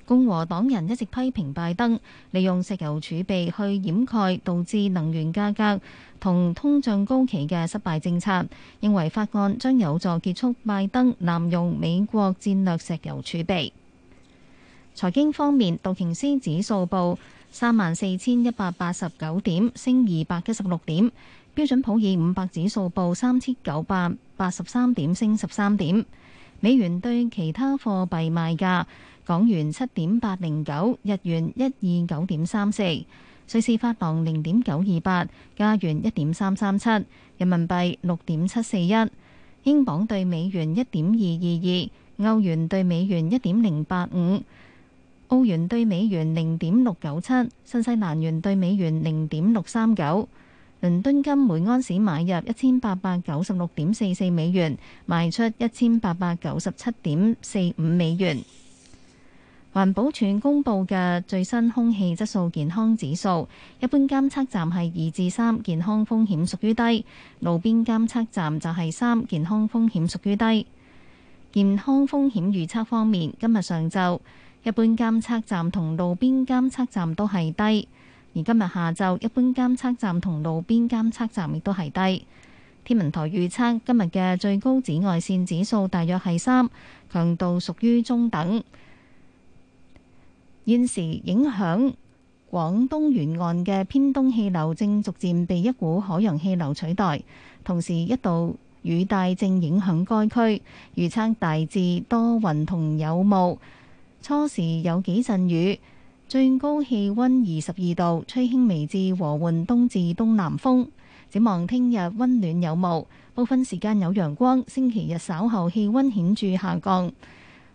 共和黨人一直批評拜登利用石油儲備去掩蓋導致能源價格同通脹高企嘅失敗政策，認為法案將有助結束拜登濫用美國戰略石油儲備。財經方面，道瓊斯指數報三萬四千一百八十九點，升二百一十六點。標準普爾五百指數報三千九百八十三點，升十三點。美元對其他貨幣賣價：港元七點八零九，日元一二九點三四，瑞士法郎零點九二八，加元一點三三七，人民幣六點七四一，英鎊對美元一點二二二，歐元對美元一點零八五，澳元對美元零點六九七，新西蘭元對美元零點六三九。倫敦金每安士買入一千八百九十六點四四美元，賣出一千八百九十七點四五美元。環保署公布嘅最新空氣質素健康指數，一般監測站係二至三，健康風險屬於低；路邊監測站就係三，健康風險屬於低。健康風險預測方面，今日上晝，一般監測站同路邊監測站都係低。而今日下晝，一般監測站同路邊監測站亦都係低。天文台預測今日嘅最高紫外線指數大約係三，強度屬於中等。現時影響廣東沿岸嘅偏東氣流正逐漸被一股海洋氣流取代，同時一道雨帶正影響該區，預測大致多雲同有霧，初時有幾陣雨。最高氣溫二十二度，吹輕微至和緩東至東南風。展望聽日溫暖有霧，部分時間有陽光。星期日稍後氣溫顯著下降。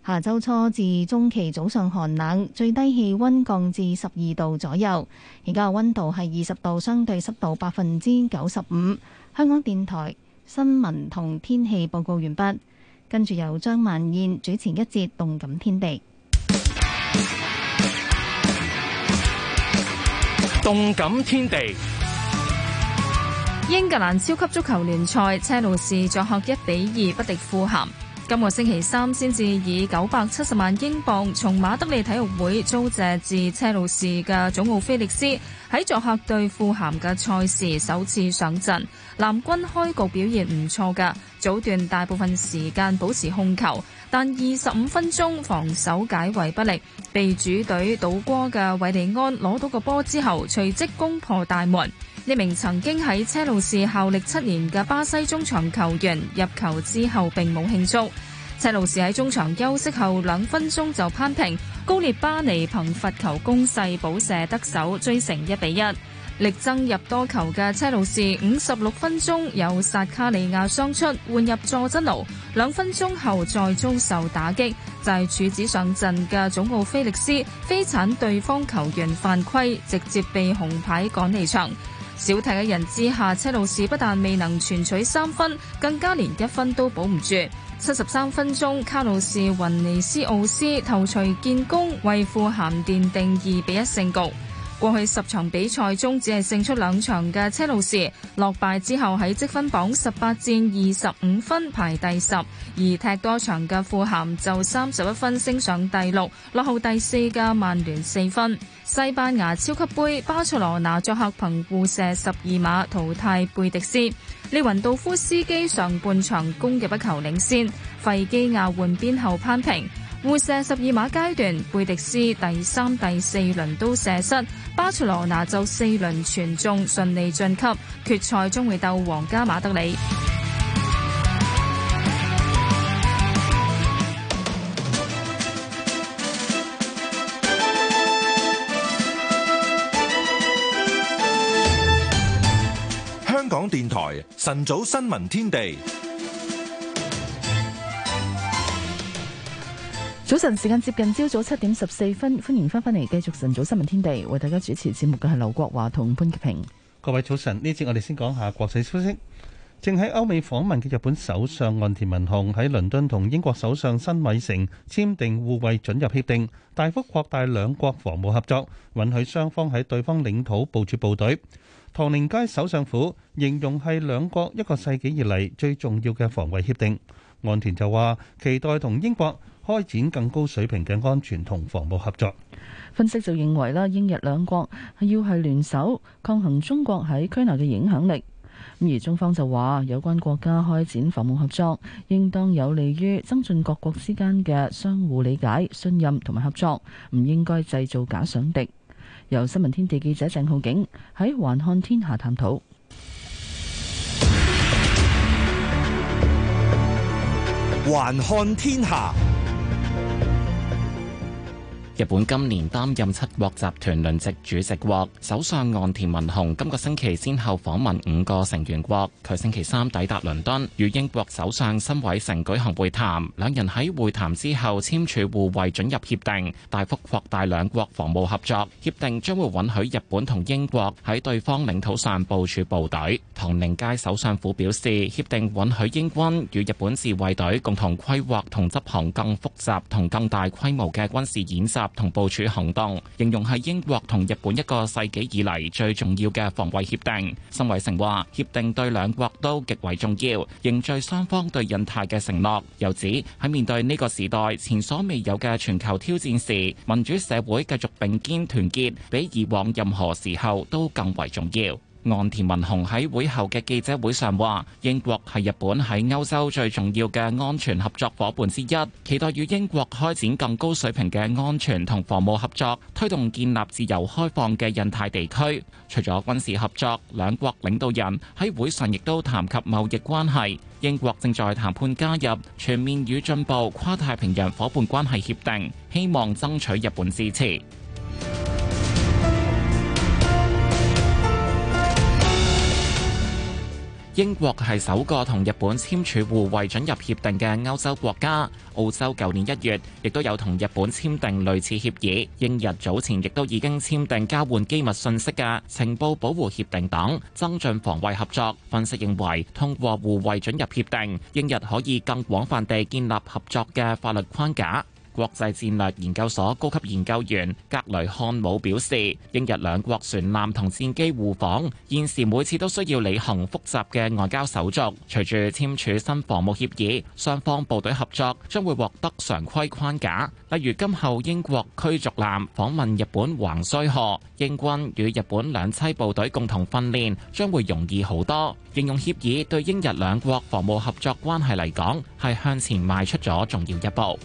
下周初至中期早上寒冷，最低氣溫降至十二度左右。而家嘅溫度係二十度，相對濕度百分之九十五。香港電台新聞同天氣報告完畢，跟住由張萬燕主持一節《動感天地》。 動感天地，英格蘭超級足球聯賽，車路士作客一比二不敵富咸。今個星期三先至以九百七十萬英鎊從馬德里體育會租借至車路士嘅祖奧菲力斯，喺作客對富咸嘅賽事首次上陣。藍軍開局表現唔錯嘅，早段大部分時間保持控球，但二十五分鐘防守解圍不力。被主隊倒戈嘅韋利安攞到個波之後，隨即攻破大門。呢名曾經喺車路士效力七年嘅巴西中場球員入球之後，並冇慶祝。車路士喺中場休息後兩分鐘就扳平，高列巴尼憑罰球攻勢補射得手，追成一比一。力爭入多球嘅車路士五十六分鐘有薩卡利亞傷出，換入佐真奴，兩分鐘後再遭受打擊。就係處子上陣嘅祖奧菲力斯飛鏟對方球員犯規，直接被紅牌趕離場。少提嘅人之下，車路士不但未能全取三分，更加連一分都保唔住。七十三分鐘，卡路士雲尼斯奧斯頭槌建功，為富咸奠定二比一勝局。過去十場比賽中只係勝出兩場嘅車路士，落敗之後喺積分榜十八戰二十五分排第十；而踢多場嘅富咸就三十一分升上第六，落後第四嘅曼聯四分。西班牙超級杯巴塞羅那作客憑互射十二碼淘汰貝迪斯，利雲道夫斯基上半場攻入一球領先，費基亞換邊後攀平。互射十二碼階段，貝迪斯第三、第四輪都射失，巴塞羅那就四輪全中，順利晉級決賽，將會鬥皇家馬德里。香港電台晨早新聞天地。早晨，時間接近朝早七點十四分，歡迎翻返嚟繼續晨早新聞天地。為大家主持節目嘅係劉國華同潘潔平。各位早晨，呢節我哋先講下國際消息。正喺歐美訪問嘅日本首相岸田文雄喺倫敦同英國首相辛偉誠簽訂互惠准入協定，大幅擴大兩國防務合作，允許雙方喺對方領土部署部隊。唐寧街首相府形容係兩國一個世紀以嚟最重要嘅防衛協定。岸田就話期待同英國，開展更高水平嘅安全同防務合作。分析就認為啦，英日兩國係要係聯手抗衡中國喺區內嘅影響力。咁而中方就話，有關國家開展防務合作，應當有利於增進各國之間嘅相互理解、信任同埋合作，唔應該製造假想敵。由新聞天地記者鄭浩景喺《還看天下》探討《還看天下》。日本今年擔任七國集團輪值主席國，首相岸田文雄今個星期先後訪問五個成員國。佢星期三抵達倫敦，與英國首相辛偉誠舉行會談，兩人喺會談之後簽署互惠准入協定，大幅擴大兩國防務合作。協定將會允許日本同英國喺對方領土上部署部隊。唐寧街首相府表示，協定允許英軍與日本自衛隊共同規劃同執行更複雜同更大規模嘅軍事演習。及同部署行動，形容係英國同日本一個世紀以嚟最重要嘅防衛協定。申偉成話協定對兩國都極為重要，凝聚雙方對印太嘅承諾，又指喺面對呢個時代前所未有嘅全球挑戰時，民主社會繼續並肩團結，比以往任何時候都更為重要。岸田文雄喺會後嘅記者會上話：英國係日本喺歐洲最重要嘅安全合作伙伴之一，期待與英國開展更高水平嘅安全同防務合作，推動建立自由開放嘅印太地區。除咗軍事合作，兩國領導人喺會上亦都談及貿易關係。英國正在談判加入全面與進步跨太平洋伙伴關係協定，希望爭取日本支持。英國係首個同日本簽署互惠准入協定嘅歐洲國家，澳洲舊年一月亦都有同日本簽訂類似協議。英日早前亦都已經簽訂交換機密信息嘅情報保護協定等，增進防衛合作。分析認為，通過互惠准入協定，英日可以更廣泛地建立合作嘅法律框架。國際戰略研究所高級研究員格雷漢姆表示，英日兩國船艦同戰機互訪，現時每次都需要履行複雜嘅外交手續。隨住簽署新防務協議，雙方部隊合作將會獲得常規框架，例如今後英國驅逐艦訪問日本橫須賀，英軍與日本兩棲部隊共同訓練將會容易好多。應用協議對英日兩國防務合作關係嚟講，係向前邁出咗重要一步。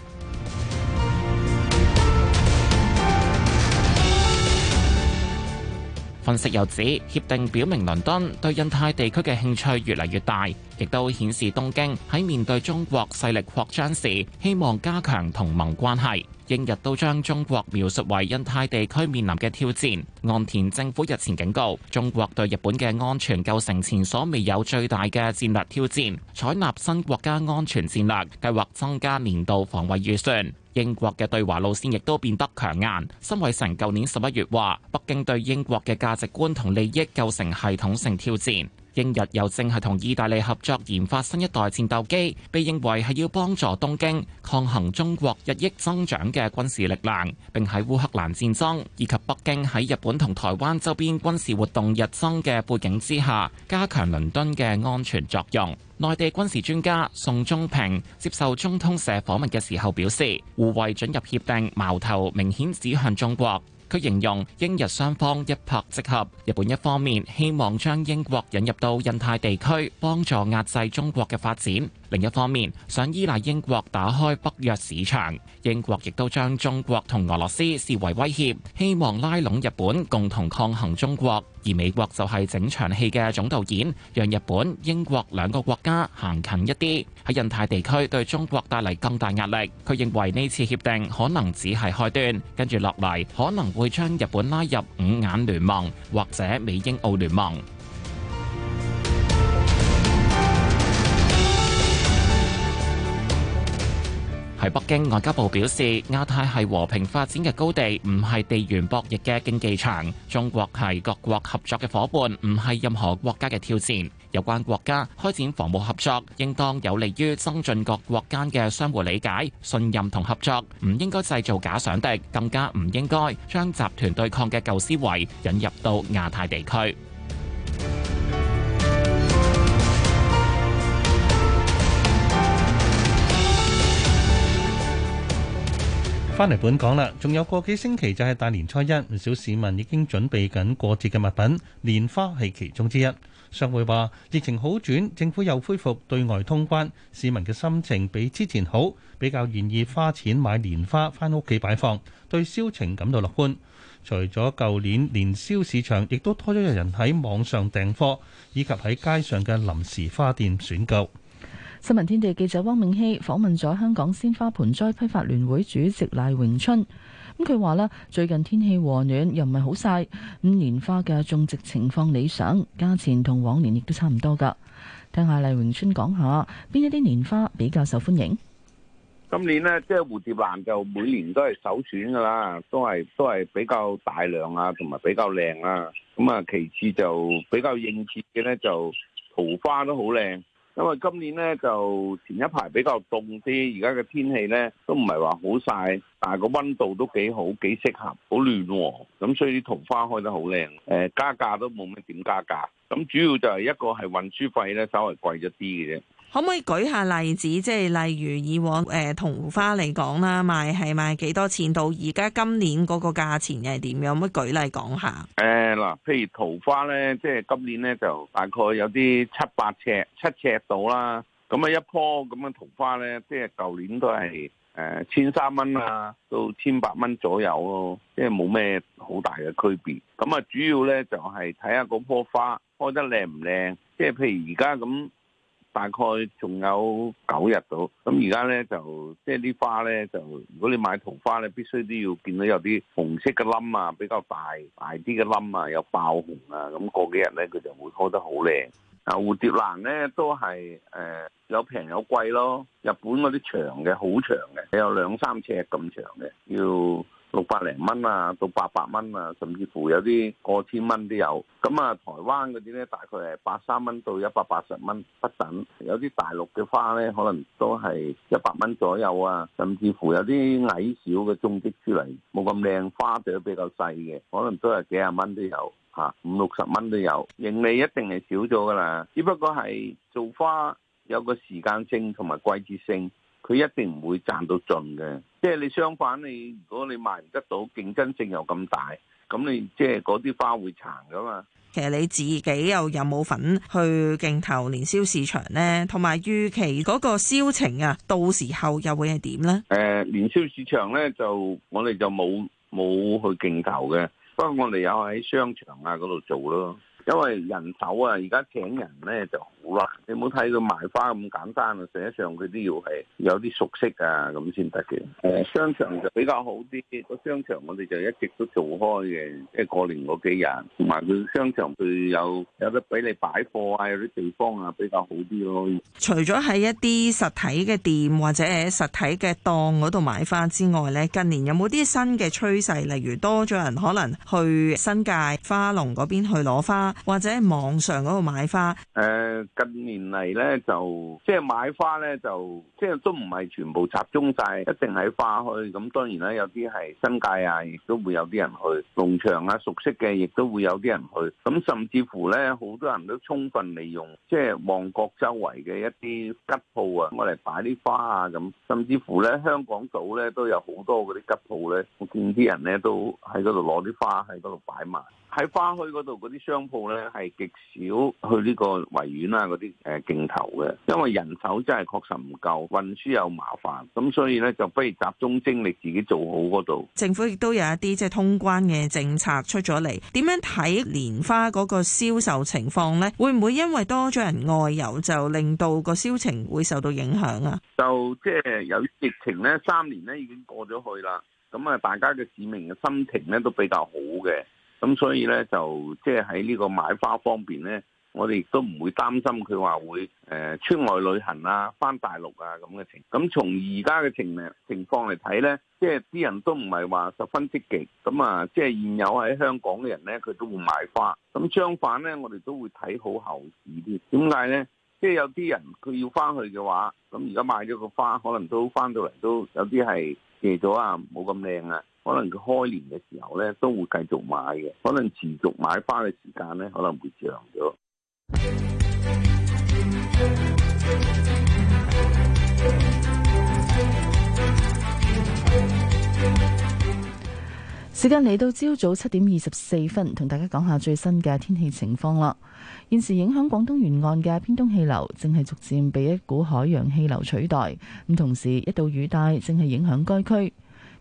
分析又指協定表明倫敦對印太地區嘅興趣越嚟越大，亦都顯示東京喺面對中國勢力擴張時，希望加強同盟關係，英日都將中國描述為印太地區面臨嘅挑戰，岸田政府日前警告，中國對日本嘅安全構成前所未有最大嘅戰略挑戰，採納新國家安全戰略，計劃增加年度防衛預算。英國嘅對華路線亦都變得強硬。辛偉誠舊年十一月話：北京對英國嘅價值觀同利益構成系統性挑戰。英日又正係同意大利合作研發新一代戰鬥機，被認為係要幫助東京抗衡中國日益增長嘅軍事力量，並喺烏克蘭戰爭以及北京喺日本同台灣周邊軍事活動日增嘅背景之下，加強倫敦嘅安全作用。內地軍事專家宋忠平接受中通社訪問嘅時候表示，互惠准入協定矛頭明顯指向中國。佢形容英日雙方一拍即合，日本一方面希望將英國引入到印太地區，幫助壓制中國嘅發展。另一方面，想依賴英國打開北約市場，英國亦都將中國同俄羅斯視為威脅，希望拉攏日本共同抗衡中國，而美國就係整場戲嘅總導演，讓日本、英國兩個國家行近一啲，喺印太地區對中國帶嚟更大壓力。佢認為呢次協定可能只係開端，跟住落嚟可能會將日本拉入五眼聯盟或者美英澳聯盟。喺北京外交部表示，亞太係和平發展嘅高地，唔係地緣博弈嘅競技場，中國係各國合作嘅夥伴，唔係任何國家嘅挑戰，有關國家開展防務合作，應當有利於增進各國間嘅相互理解、信任同合作，唔應該製造假想敵，更加唔應該將集團對抗嘅舊思維引入到亞太地區。返嚟本港啦，仲有個幾星期就係大年初一，唔少市民已經準備緊過節嘅物品，年花係其中之一。商會話疫情好轉，政府又恢復對外通關，市民嘅心情比之前好，比較願意花錢買年花返屋企擺放，對銷情感到樂觀。除咗舊年年宵市場，亦都多咗人喺網上訂貨，以及喺街上嘅臨時花店選購。新聞天地記者汪明熙，訪問咗香港鮮花盆栽批發聯會主席賴榮春，咁佢話啦，最近天氣和暖又唔係好晒，五年花嘅種植情況理想，價錢同往年亦都差唔多噶。聽下賴榮春講下，邊一啲年花比較受歡迎。今年呢，即係蝴蝶蘭就每年都係首選噶啦，都係都係比較大量啊，同埋比較靚啊。咁啊，其次就比較應節嘅呢，就桃花都好靚。因為今年呢，就前一排比較凍啲，而家嘅天氣呢都唔係話好晒，但係個溫度都幾好，幾適合，好暖喎、哦。咁所以啲桃花開得好靚。誒、呃、加價都冇乜點加價，咁主要就係一個係運輸費呢，稍微貴咗啲嘅啫。可唔可以舉下例子？即係例如以往誒桃花嚟講啦，賣係賣幾多錢？到而家今年嗰個價錢係點樣？可唔可以舉例講下？誒嗱、呃，譬如桃花咧，即係今年咧就大概有啲七八尺、七尺度啦。咁啊，一樖咁嘅桃花咧，即係舊年都係誒千三蚊啊，到千八蚊左右咯、啊。即係冇咩好大嘅區別。咁啊，主要咧就係睇下嗰樖花開得靚唔靚。即係譬如而家咁。大概仲有九日到，咁而家呢，就即係啲花呢，就如果你買桃花呢，必須都要見到有啲紅色嘅冧啊，比較大大啲嘅冧啊，有爆紅啊，咁過幾日呢，佢就會開得好靚。啊，蝴蝶蘭呢，都係誒、呃、有平有貴咯，日本嗰啲長嘅好長嘅，有兩三尺咁長嘅要。六百零蚊啊，到八百蚊啊，甚至乎有啲過千蚊都有。咁啊，台灣嗰啲呢，大概係八三蚊到一百八十蚊不等。有啲大陸嘅花呢，可能都係一百蚊左右啊，甚至乎有啲矮小嘅種植出嚟，冇咁靚，花就比較細嘅，可能都係幾廿蚊都有嚇，五六十蚊都有。盈利一定係少咗㗎喇，只不過係做花有個時間性同埋季節性。佢一定唔會賺到盡嘅，即係你相反，你如果你賣唔得到，競爭性又咁大，咁你即係嗰啲花會殘噶嘛？其實你自己又有冇份去競投年宵市場咧？同埋預期嗰個銷情啊，到時候又會係點咧？誒、呃，年宵市場咧就我哋就冇冇去競投嘅，不過我哋有喺商場啊嗰度做咯。因為人手啊，而家請人咧就好難。你冇睇佢賣花咁簡單啊，實際上佢都要係有啲熟悉啊，咁先得嘅。誒，商場就比較好啲。商場我哋就一直都做開嘅，即係過年嗰幾日，同埋佢商場佢有有得俾你擺貨啊，有啲地方啊比較好啲咯。除咗喺一啲實體嘅店或者喺實體嘅檔嗰度買花之外咧，近年有冇啲新嘅趨勢，例如多咗人可能去新界花農嗰邊去攞花？或者網上嗰度買花，誒，近年嚟咧就即係買花咧，就即係都唔係全部集中晒，一定喺花墟。咁當然咧，有啲係新界啊，亦都會有啲人去農場啊，熟悉嘅亦都會有啲人去。咁甚至乎咧，好多人都充分利用即係旺角周圍嘅一啲吉鋪啊，我嚟擺啲花啊咁。甚至乎咧，香港島咧都有好多嗰啲吉鋪咧，我見啲人咧都喺嗰度攞啲花喺嗰度擺埋。喺花墟嗰度嗰啲商鋪咧，係極少去呢個維園啊嗰啲，誒競投嘅，因為人手真係確實唔夠，運輸又麻煩，咁所以咧就不如集中精力自己做好嗰度。政府亦都有一啲即係通關嘅政策出咗嚟，點樣睇蓮花嗰個銷售情況咧？會唔會因為多咗人外遊就令到個銷情會受到影響啊？就即係有疫情咧，三年咧已經過咗去啦，咁啊大家嘅市民嘅心情咧都比較好嘅。咁所以咧，就即係喺呢個買花方面咧，我哋亦都唔會擔心佢話會誒出外旅行啊，翻大陸啊咁嘅情況。咁從而家嘅情嚟情況嚟睇咧，即係啲人都唔係話十分積極。咁啊，即係現有喺香港嘅人咧，佢都會買花。咁相反咧，我哋都會睇好後市啲。點解咧？即係有啲人佢要翻去嘅話，咁而家買咗個花，可能都翻到嚟都有啲係謝咗啊，冇咁靚啊。可能佢開年嘅時候咧，都會繼續買嘅。可能持續買翻嘅時間咧，可能會長咗。時間嚟到朝早七點二十四分，同大家講下最新嘅天氣情況啦。現時影響廣東沿岸嘅偏東氣流，正係逐漸被一股海洋氣流取代。咁同時，一道雨帶正係影響該區。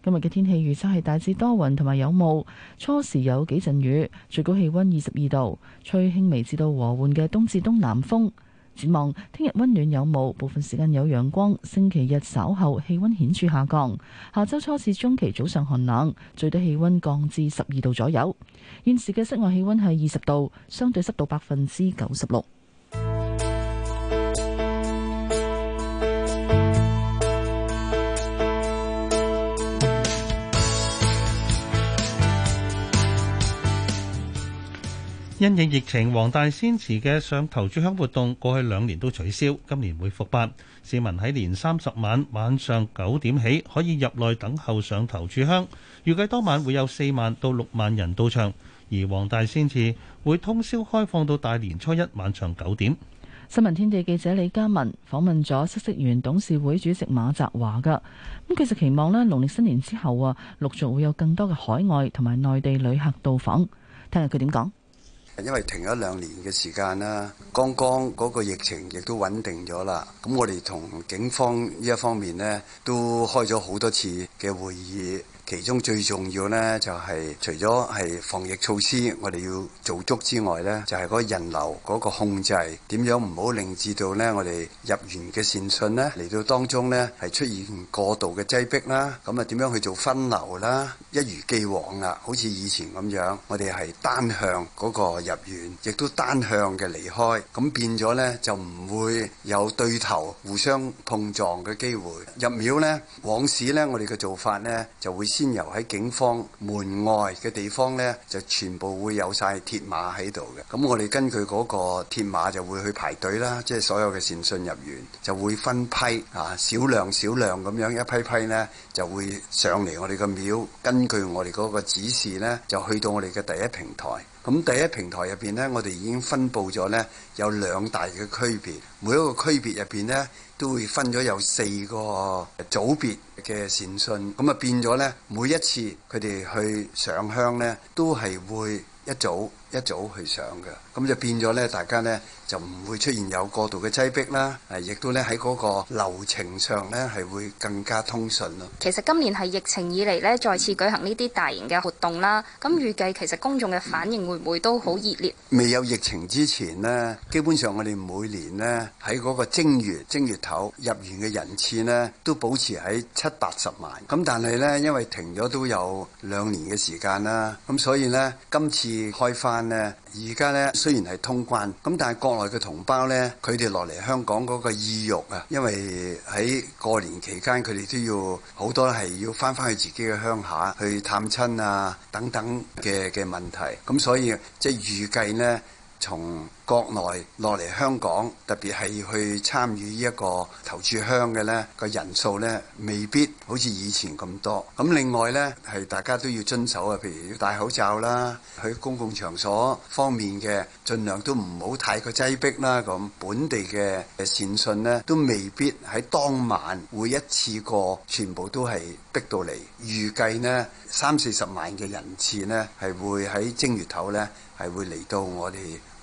今日嘅天氣預測係大致多雲同埋有霧，初時有幾陣雨，最高氣溫二十二度，吹輕微至到和緩嘅東至東南風。展望聽日溫暖有霧，部分時間有陽光。星期日稍後氣溫顯著下降，下周初至中期早上寒冷，最低氣溫降至十二度左右。現時嘅室外氣溫係二十度，相對濕度百分之九十六。因應疫情，黃大仙祠嘅上頭柱香活動過去兩年都取消，今年會復辦。市民喺年三十晚晚上九點起可以入內等候上頭柱香，預計當晚會有四萬到六萬人到場。而黃大仙祠會通宵開放到大年初一晚上九點。新聞天地記者李嘉文訪問咗嗇色園董事會主席馬澤華，噶咁佢就期望呢，農曆新年之後啊，陸續會有更多嘅海外同埋內地旅客到訪。聽下佢點講。因為停咗兩年嘅時間啦，剛剛嗰個疫情亦都穩定咗啦，咁我哋同警方呢一方面呢，都開咗好多次嘅會議。其中最重要咧，就係除咗係防疫措施，我哋要做足之外咧，就係嗰人流嗰個控制，點樣唔好令至到咧我哋入園嘅善信咧嚟到當中咧係出現過度嘅擠迫啦。咁啊點樣去做分流啦？一如既往啦，好似以前咁樣，我哋係單向嗰個入園，亦都單向嘅離開，咁變咗咧就唔會有對頭互相碰撞嘅機會。入廟咧，往時咧我哋嘅做法咧就會。先由喺警方門外嘅地方咧，就全部會有晒鐵馬喺度嘅。咁我哋根據嗰個鐵馬就會去排隊啦，即係所有嘅善信入園就會分批啊，少量少量咁樣一批批咧就會上嚟我哋嘅廟。根據我哋嗰個指示咧，就去到我哋嘅第一平台。咁第一平台入邊咧，我哋已經分布咗咧有兩大嘅區別，每一個區別入邊咧，都會分咗有四個組別嘅善信，咁啊變咗呢，每一次佢哋去上香呢，都係會一組一早去上嘅，咁就變咗咧，大家呢，就唔會出現有過度嘅擠逼啦，誒，亦都咧喺嗰個流程上呢，係會更加通順咯。其實今年係疫情以嚟呢，再次舉行呢啲大型嘅活動啦，咁預計其實公眾嘅反應會唔會都好熱烈？未有疫情之前呢，基本上我哋每年呢，喺嗰個正月正月頭入園嘅人次呢，都保持喺七八十萬，咁但係呢，因為停咗都有兩年嘅時間啦，咁所以呢，今次開翻。呢而家呢，雖然係通關，咁但係國內嘅同胞呢，佢哋落嚟香港嗰個意欲啊，因為喺過年期間佢哋都要好多係要返返去自己嘅鄉下去探親啊等等嘅嘅問題，咁所以即係、就是、預計呢，從。國內落嚟香港，特別係去參與呢一個頭炷香嘅呢，個人數呢未必好似以前咁多。咁另外呢，係大家都要遵守啊，譬如要戴口罩啦，去公共場所方面嘅，盡量都唔好太過擠迫啦。咁本地嘅善信呢，都未必喺當晚會一次過全部都係逼到嚟。預計呢，三四十萬嘅人次呢，係會喺正月頭呢，係會嚟到我哋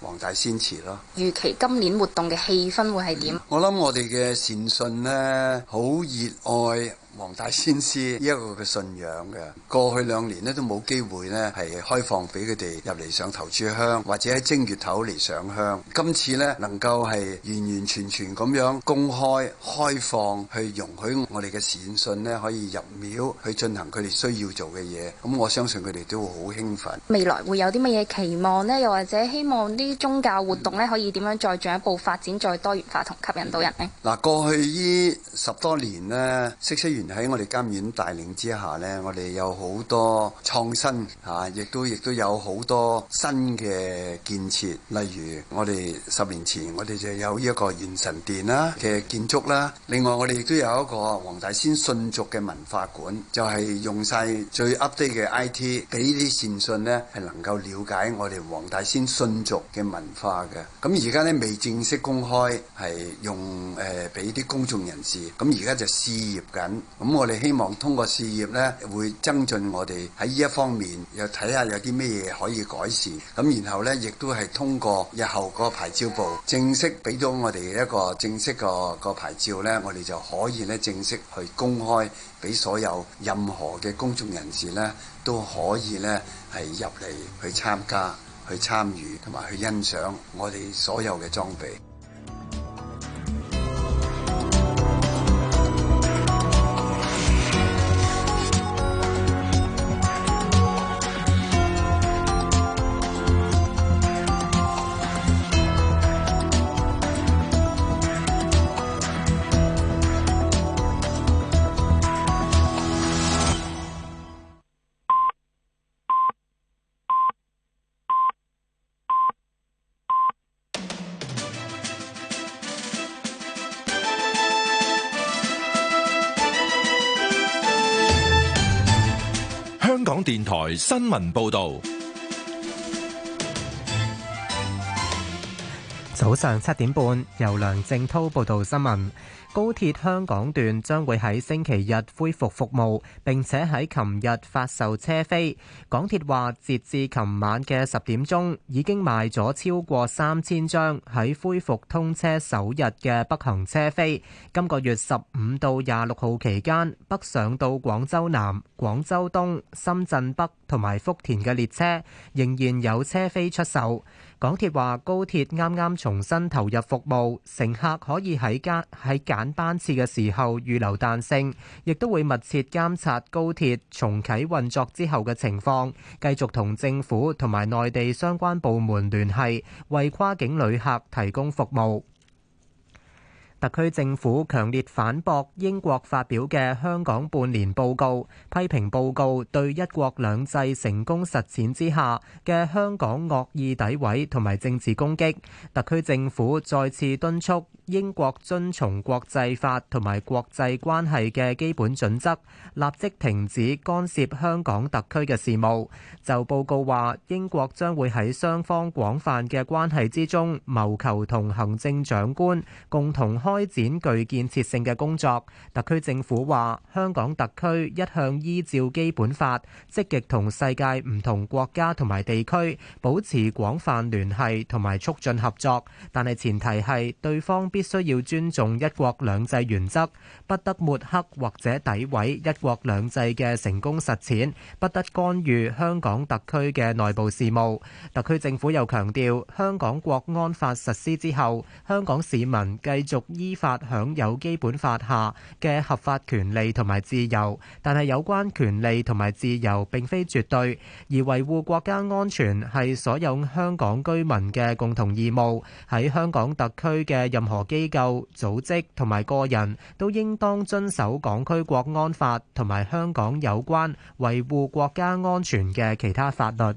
黃大仙祠咯。預期今年活動嘅氣氛會係點？嗯，我諗我哋嘅善信咧，好熱愛。黃大仙師呢一個嘅信仰嘅，過去兩年咧都冇機會咧係開放俾佢哋入嚟上頭柱香，或者喺正月頭嚟上香。今次咧能夠係完完全全咁樣公開開放，去容許我哋嘅善信咧可以入廟去進行佢哋需要做嘅嘢。咁我相信佢哋都會好興奮。未來會有啲乜嘢期望呢？又或者希望啲宗教活動咧可以點樣再進一步發展，再多元化同吸引到人呢？嗱，過去呢十多年呢。息息喺我哋監院帶領之下呢，我哋有好多創新吓、啊，亦都亦都有好多新嘅建設。例如，我哋十年前我哋就有一個元神殿啦嘅建築啦。另外，我哋亦都有一個黃大仙信俗嘅文化館，就係、是、用晒最 update 嘅 I T，俾啲善信呢係能夠了解我哋黃大仙信俗嘅文化嘅。咁而家呢，未正式公開，係用誒俾啲公眾人士。咁而家就試業緊。咁我哋希望通過事業咧，會增進我哋喺呢一方面，又睇下有啲咩嘢可以改善。咁然後咧，亦都係通過日後嗰個牌照部正式俾到我哋一個正式個個牌照咧，我哋就可以咧正式去公開俾所有任何嘅公眾人士咧都可以咧係入嚟去參加、去參與同埋去欣賞我哋所有嘅裝備。台新聞報導。早上七點半，由梁正滔報道新聞。高鐵香港段將會喺星期日恢復服務，並且喺琴日發售車飛。港鐵話截至琴晚嘅十點鐘，已經賣咗超過三千張喺恢復通車首日嘅北行車飛。今個月十五到廿六號期間，北上到廣州南、廣州東、深圳北同埋福田嘅列車，仍然有車飛出售。港鐵話：高鐵啱啱重新投入服務，乘客可以喺揀喺揀班次嘅時候預留彈性，亦都會密切監察高鐵重啟運作之後嘅情況，繼續同政府同埋內地相關部門聯繫，為跨境旅客提供服務。特區政府強烈反駁英國發表嘅香港半年報告，批評報告對一國兩制成功實踐之下嘅香港惡意詆毀同埋政治攻擊。特區政府再次敦促英國遵從國際法同埋國際關係嘅基本準則，立即停止干涉香港特區嘅事務。就報告話，英國將會喺雙方廣泛嘅關係之中，謀求同行政長官共同開。開展具建設性嘅工作。特區政府話，香港特區一向依照基本法，積極同世界唔同國家同埋地區保持廣泛聯繫同埋促進合作，但係前提係對方必須要尊重一國兩制原則，不得抹黑或者詆毀一國兩制嘅成功實踐，不得干預香港特區嘅內部事務。特區政府又強調，香港國安法實施之後，香港市民繼續依。依法享有基本法下嘅合法權利同埋自由，但係有關權利同埋自由並非絕對，而維護國家安全係所有香港居民嘅共同義務，喺香港特區嘅任何機構、組織同埋個人都應當遵守港區國安法同埋香港有關維護國家安全嘅其他法律。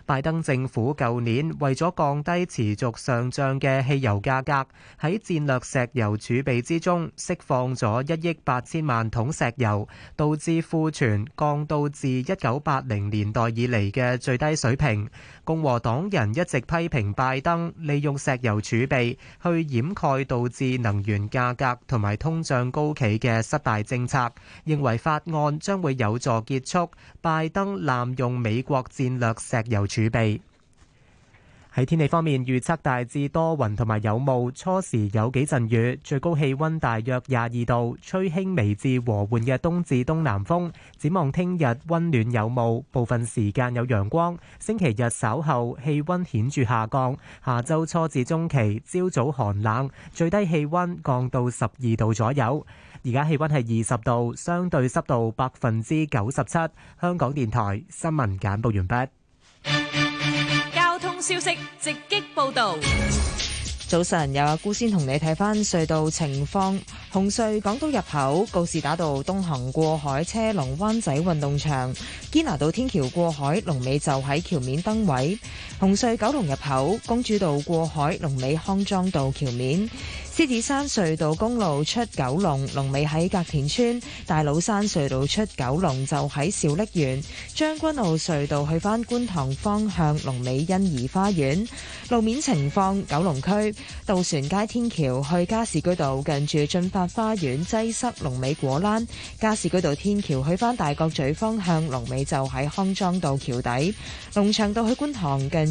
拜登政府舊年為咗降低持續上漲嘅汽油價格，喺戰略石油儲備之中釋放咗一億八千萬桶石油，導致庫存降到至一九八零年代以嚟嘅最低水平。共和黨人一直批評拜登利用石油儲備去掩蓋導致能源價格同埋通脹高企嘅失敗政策，認為法案將會有助結束拜登濫用美國戰略石油儲備。喺天氣方面，預測大致多雲同埋有霧，初時有幾陣雨，最高氣溫大約廿二度，吹輕微至和緩嘅東至東南風。展望聽日溫暖有霧，部分時間有陽光。星期日稍後氣溫顯著下降，下周初至中期朝早寒冷，最低氣溫降到十二度左右。而家氣溫係二十度，相對濕度百分之九十七。香港電台新聞簡報完畢。消息直擊報道。早晨，有阿姑先同你睇翻隧道情況。紅隧港島入口告士打道東行過海車龍，灣仔運動場堅拿道天橋過海龍尾就喺橋面燈位。紅隧九龍入口，公主道過海，龍尾康莊道橋面；獅子山隧道公路出九龍，龍尾喺隔田村；大老山隧道出九龍就喺兆瀝苑；將軍澳隧道去翻觀塘方向，龍尾欣怡花園。路面情況，九龍區渡船街天橋去加士居道，近住駿發花園擠塞龍，龍尾果欄；加士居道天橋去翻大角咀方向，龍尾就喺康莊道橋底；龍翔道去觀塘近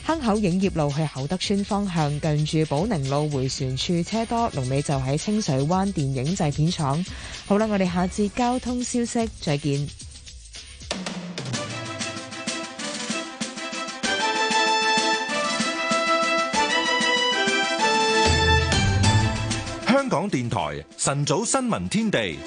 坑口影業路去厚德村方向，近住寶寧路回旋處車多，龍尾就喺清水灣電影製片廠。好啦，我哋下次交通消息再見。香港電台晨早新聞天地。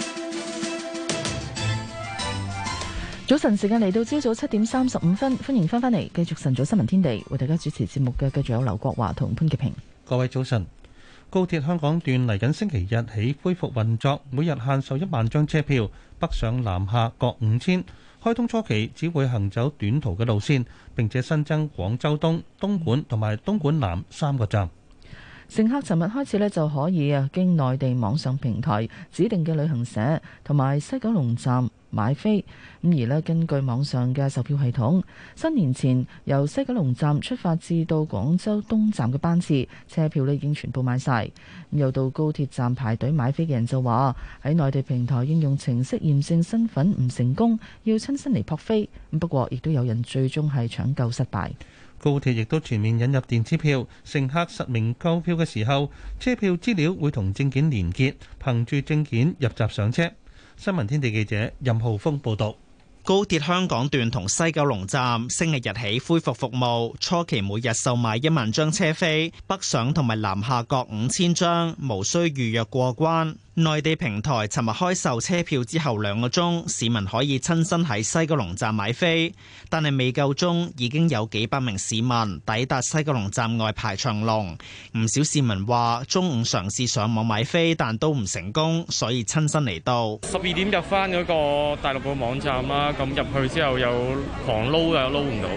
早晨時間嚟到，朝早七點三十五分，歡迎翻返嚟，繼續晨早新聞天地，為大家主持節目嘅繼續有劉國華同潘潔平。各位早晨，高鐵香港段嚟緊星期日起恢復運作，每日限售一萬張車票，北上南下各五千。開通初期只會行走短途嘅路線，並且新增廣州東、東莞同埋東莞南三個站。乘客尋日開始呢，就可以啊，經內地網上平台指定嘅旅行社同埋西九龍站。買飛咁而咧，根據網上嘅售票系統，新年前由西九龍站出發至到廣州東站嘅班次車票咧已經全部買晒。又到高鐵站排隊買飛嘅人就話喺內地平台應用程式驗證身份唔成功，要親身嚟撲飛。不過亦都有人最終係搶救失敗。高鐵亦都全面引入電子票，乘客實名購票嘅時候，車票資料會同證件連結，憑住證件入閘上車。新聞天地記者任浩峰報道：高鐵香港段同西九龍站星期日起恢復服務，初期每日售賣一萬張車飛，北上同埋南下各五千張，無需預約過關。內地平台尋日開售車票之後兩個鐘，市民可以親身喺西九龍站買飛，但係未夠鐘已經有幾百名市民抵達西九龍站外排長龍。唔少市民話：中午嘗試上網買飛，但都唔成功，所以親身嚟到。十二點入翻嗰個大陸個網站啦，咁入去之後又狂撈呀，撈唔到，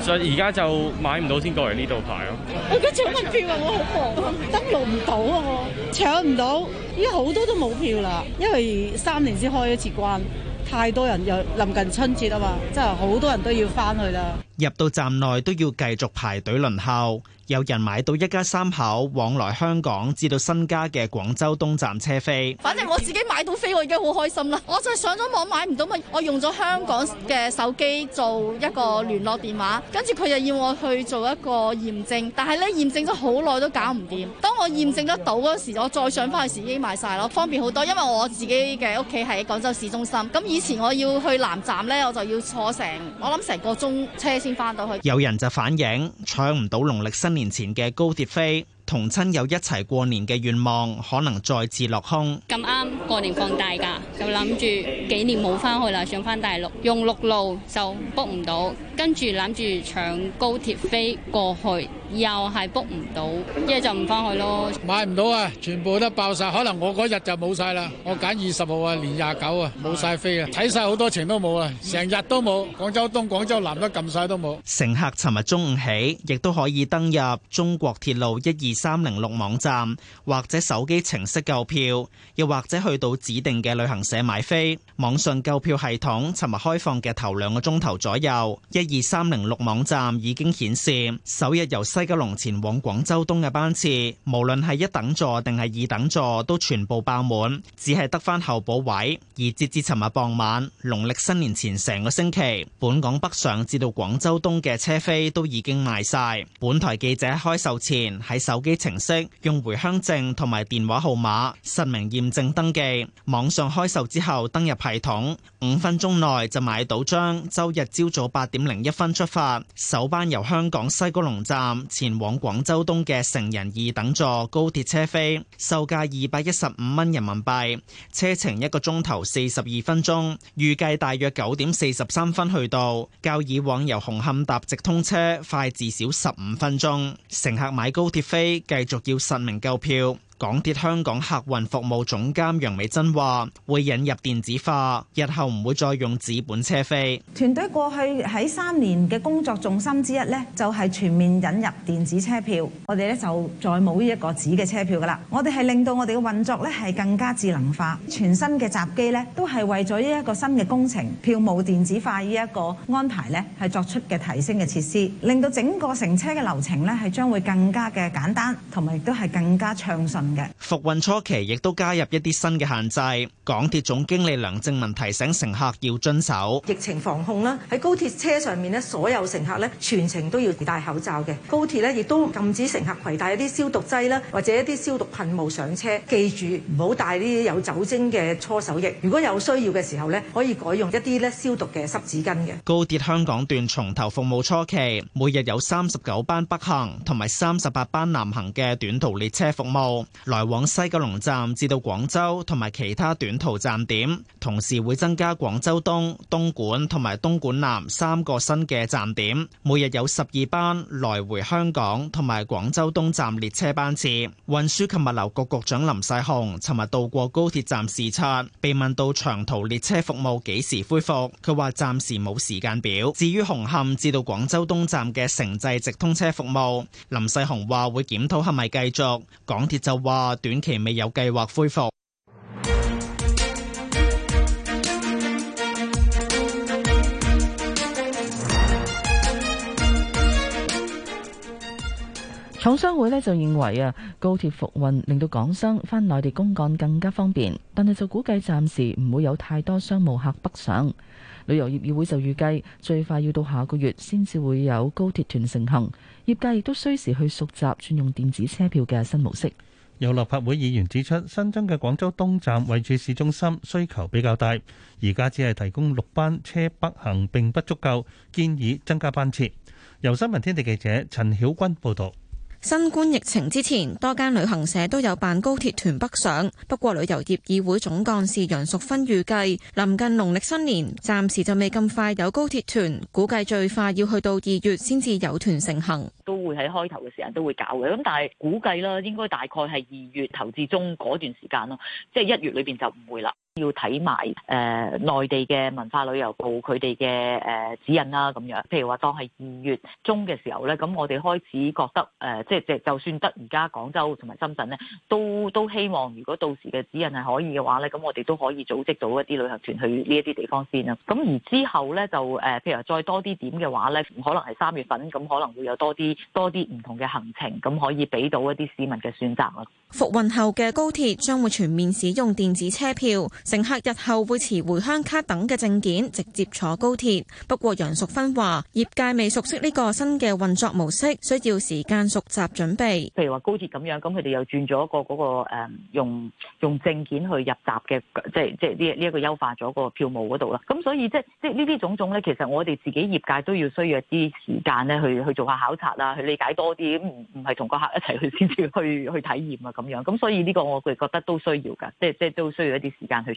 所以而家就買唔到先過嚟呢度排咯。我而家搶門票啊，我好忙，登錄唔到啊，我搶唔到，依家好～好多都冇票啦，因為三年先開一次關，太多人又臨近春節啊嘛，真係好多人都要翻去啦。入到站內都要繼續排隊輪候，有人買到一家三口往來香港至到新加嘅廣州東站車飛。反正我自己買到飛，我已經好開心啦。我就上咗網買唔到咪，我用咗香港嘅手機做一個聯絡電話，跟住佢就要我去做一個驗證，但係呢，驗證咗好耐都搞唔掂。當我驗證得到嗰時，我再上翻去時已經賣晒咯，方便好多。因為我自己嘅屋企喺廣州市中心，咁以前我要去南站呢，我就要坐成我諗成個鐘車先。有人就反映搶唔到農曆新年前嘅高鐵飛，同親友一齊過年嘅願望可能再次落空。咁啱過年放大假，就諗住幾年冇翻去啦，想翻大陸，用陸路就 book 唔到，跟住諗住搶高鐵飛過去。又係 book 唔到，一就唔翻去咯。買唔到啊！全部都爆曬，可能我嗰日就冇曬啦。我揀二十號啊，年廿九啊，冇曬飛啊！睇曬好多程都冇啊，成日都冇廣州東、廣州南都撳曬都冇。乘客尋日中午起，亦都可以登入中國鐵路一二三零六網站或者手機程式購票，又或者去到指定嘅旅行社買飛。網上購票系統尋日開放嘅頭兩個鐘頭左右，一二三零六網站已經顯示首日由西。西九龍前往廣州東嘅班次，無論係一等座定係二等座，都全部爆滿，只係得翻候補位。而截至尋日傍晚，農曆新年前成個星期，本港北上至到廣州東嘅車飛都已經賣曬。本台記者開售前喺手機程式用回鄉證同埋電話號碼實名驗證登記，網上開售之後登入系統，五分鐘內就買到張。周日朝早八點零一分出發，首班由香港西九龍站。前往廣州東嘅成人二等座高鐵車飛，售價二百一十五蚊人民幣，車程一個鐘頭四十二分鐘，預計大約九點四十三分去到，較以往由紅磡搭直通車快至少十五分鐘。乘客買高鐵飛，繼續要實名購票。港鐵香港客運服務總監楊美珍話會引入電子化，日後唔會再用紙本車飛。團隊過去喺三年嘅工作重心之一咧，就係全面引入電子車票。我哋咧就再冇呢一個紙嘅車票噶啦。我哋係令到我哋嘅運作咧係更加智能化。全新嘅閘機咧都係為咗呢一個新嘅工程票務電子化呢一個安排咧係作出嘅提升嘅設施，令到整個乘車嘅流程咧係將會更加嘅簡單，同埋亦都係更加暢順。復運初期亦都加入一啲新嘅限制。港鐵總經理梁正文提醒乘客要遵守疫情防控啦。喺高鐵車上面呢，所有乘客呢，全程都要戴口罩嘅。高鐵呢，亦都禁止乘客攜帶一啲消毒劑啦，或者一啲消毒噴霧上車。記住唔好帶啲有酒精嘅搓手液。如果有需要嘅時候呢，可以改用一啲咧，消毒嘅濕紙巾嘅。高鐵香港段重頭服務初期，每日有三十九班北行同埋三十八班南行嘅短途列車服務。來往西九龍站至到廣州同埋其他短途站點，同時會增加廣州東、東莞同埋東莞南三個新嘅站點，每日有十二班來回香港同埋廣州東站列車班次。運輸及物流局局長林世雄尋日到過高鐵站視察，被問到長途列車服務幾時恢復，佢話暫時冇時間表。至於紅磡至到廣州東站嘅城際直，直通車服務，林世雄話會檢討係咪繼續，港鐵就。話短期未有計劃恢復。廠商會咧就認為啊，高鐵復運令到港商返內地公幹更加方便，但係就估計暫時唔會有太多商務客北上。旅遊業議會就預計最快要到下個月先至會有高鐵團成行，業界亦都需時去熟習專用電子車票嘅新模式。有立法會議員指出，新增嘅廣州東站位處市中心，需求比較大，而家只係提供六班車北行並不足夠，建議增加班次。由新聞天地記者陳曉君報導。新冠疫情之前，多間旅行社都有辦高鐵團北上。不過，旅遊業議會總幹事楊淑芬預計，臨近農曆新年，暫時就未咁快有高鐵團，估計最快要去到二月先至有團成行。都會喺開頭嘅時間都會搞嘅，咁但係估計啦，應該大概係二月頭至中嗰段時間咯，即係一月裏邊就唔會啦。要睇埋誒內地嘅文化旅遊部佢哋嘅誒指引啦，咁樣譬如話當係二月中嘅時候咧，咁我哋開始覺得誒，即係即係就算得而家廣州同埋深圳咧，都都希望如果到時嘅指引係可以嘅話咧，咁我哋都可以組織到一啲旅行團去呢一啲地方先啦。咁而之後咧就誒，譬如再多啲點嘅話咧，可能係三月份，咁可能會有多啲多啲唔同嘅行程，咁可以俾到一啲市民嘅選擇啦。復運後嘅高鐵將會全面使用電子車票。乘客日後會持回鄉卡等嘅證件直接坐高鐵。不過楊淑芬話：業界未熟悉呢個新嘅運作模式，需要時間熟習準備。譬如話高鐵咁樣，咁佢哋又轉咗個嗰個、呃、用用證件去入閘嘅，即係即係呢呢一個優化咗個票務嗰度啦。咁、嗯、所以即即呢啲種種咧，其實我哋自己業界都要需要一啲時間咧，去去做下考察啦，去理解多啲，唔唔係同個客一齊去先至去去體驗啊咁樣。咁、嗯、所以呢、這個我哋覺得都需要㗎，即即，即，即都需要一啲時間去。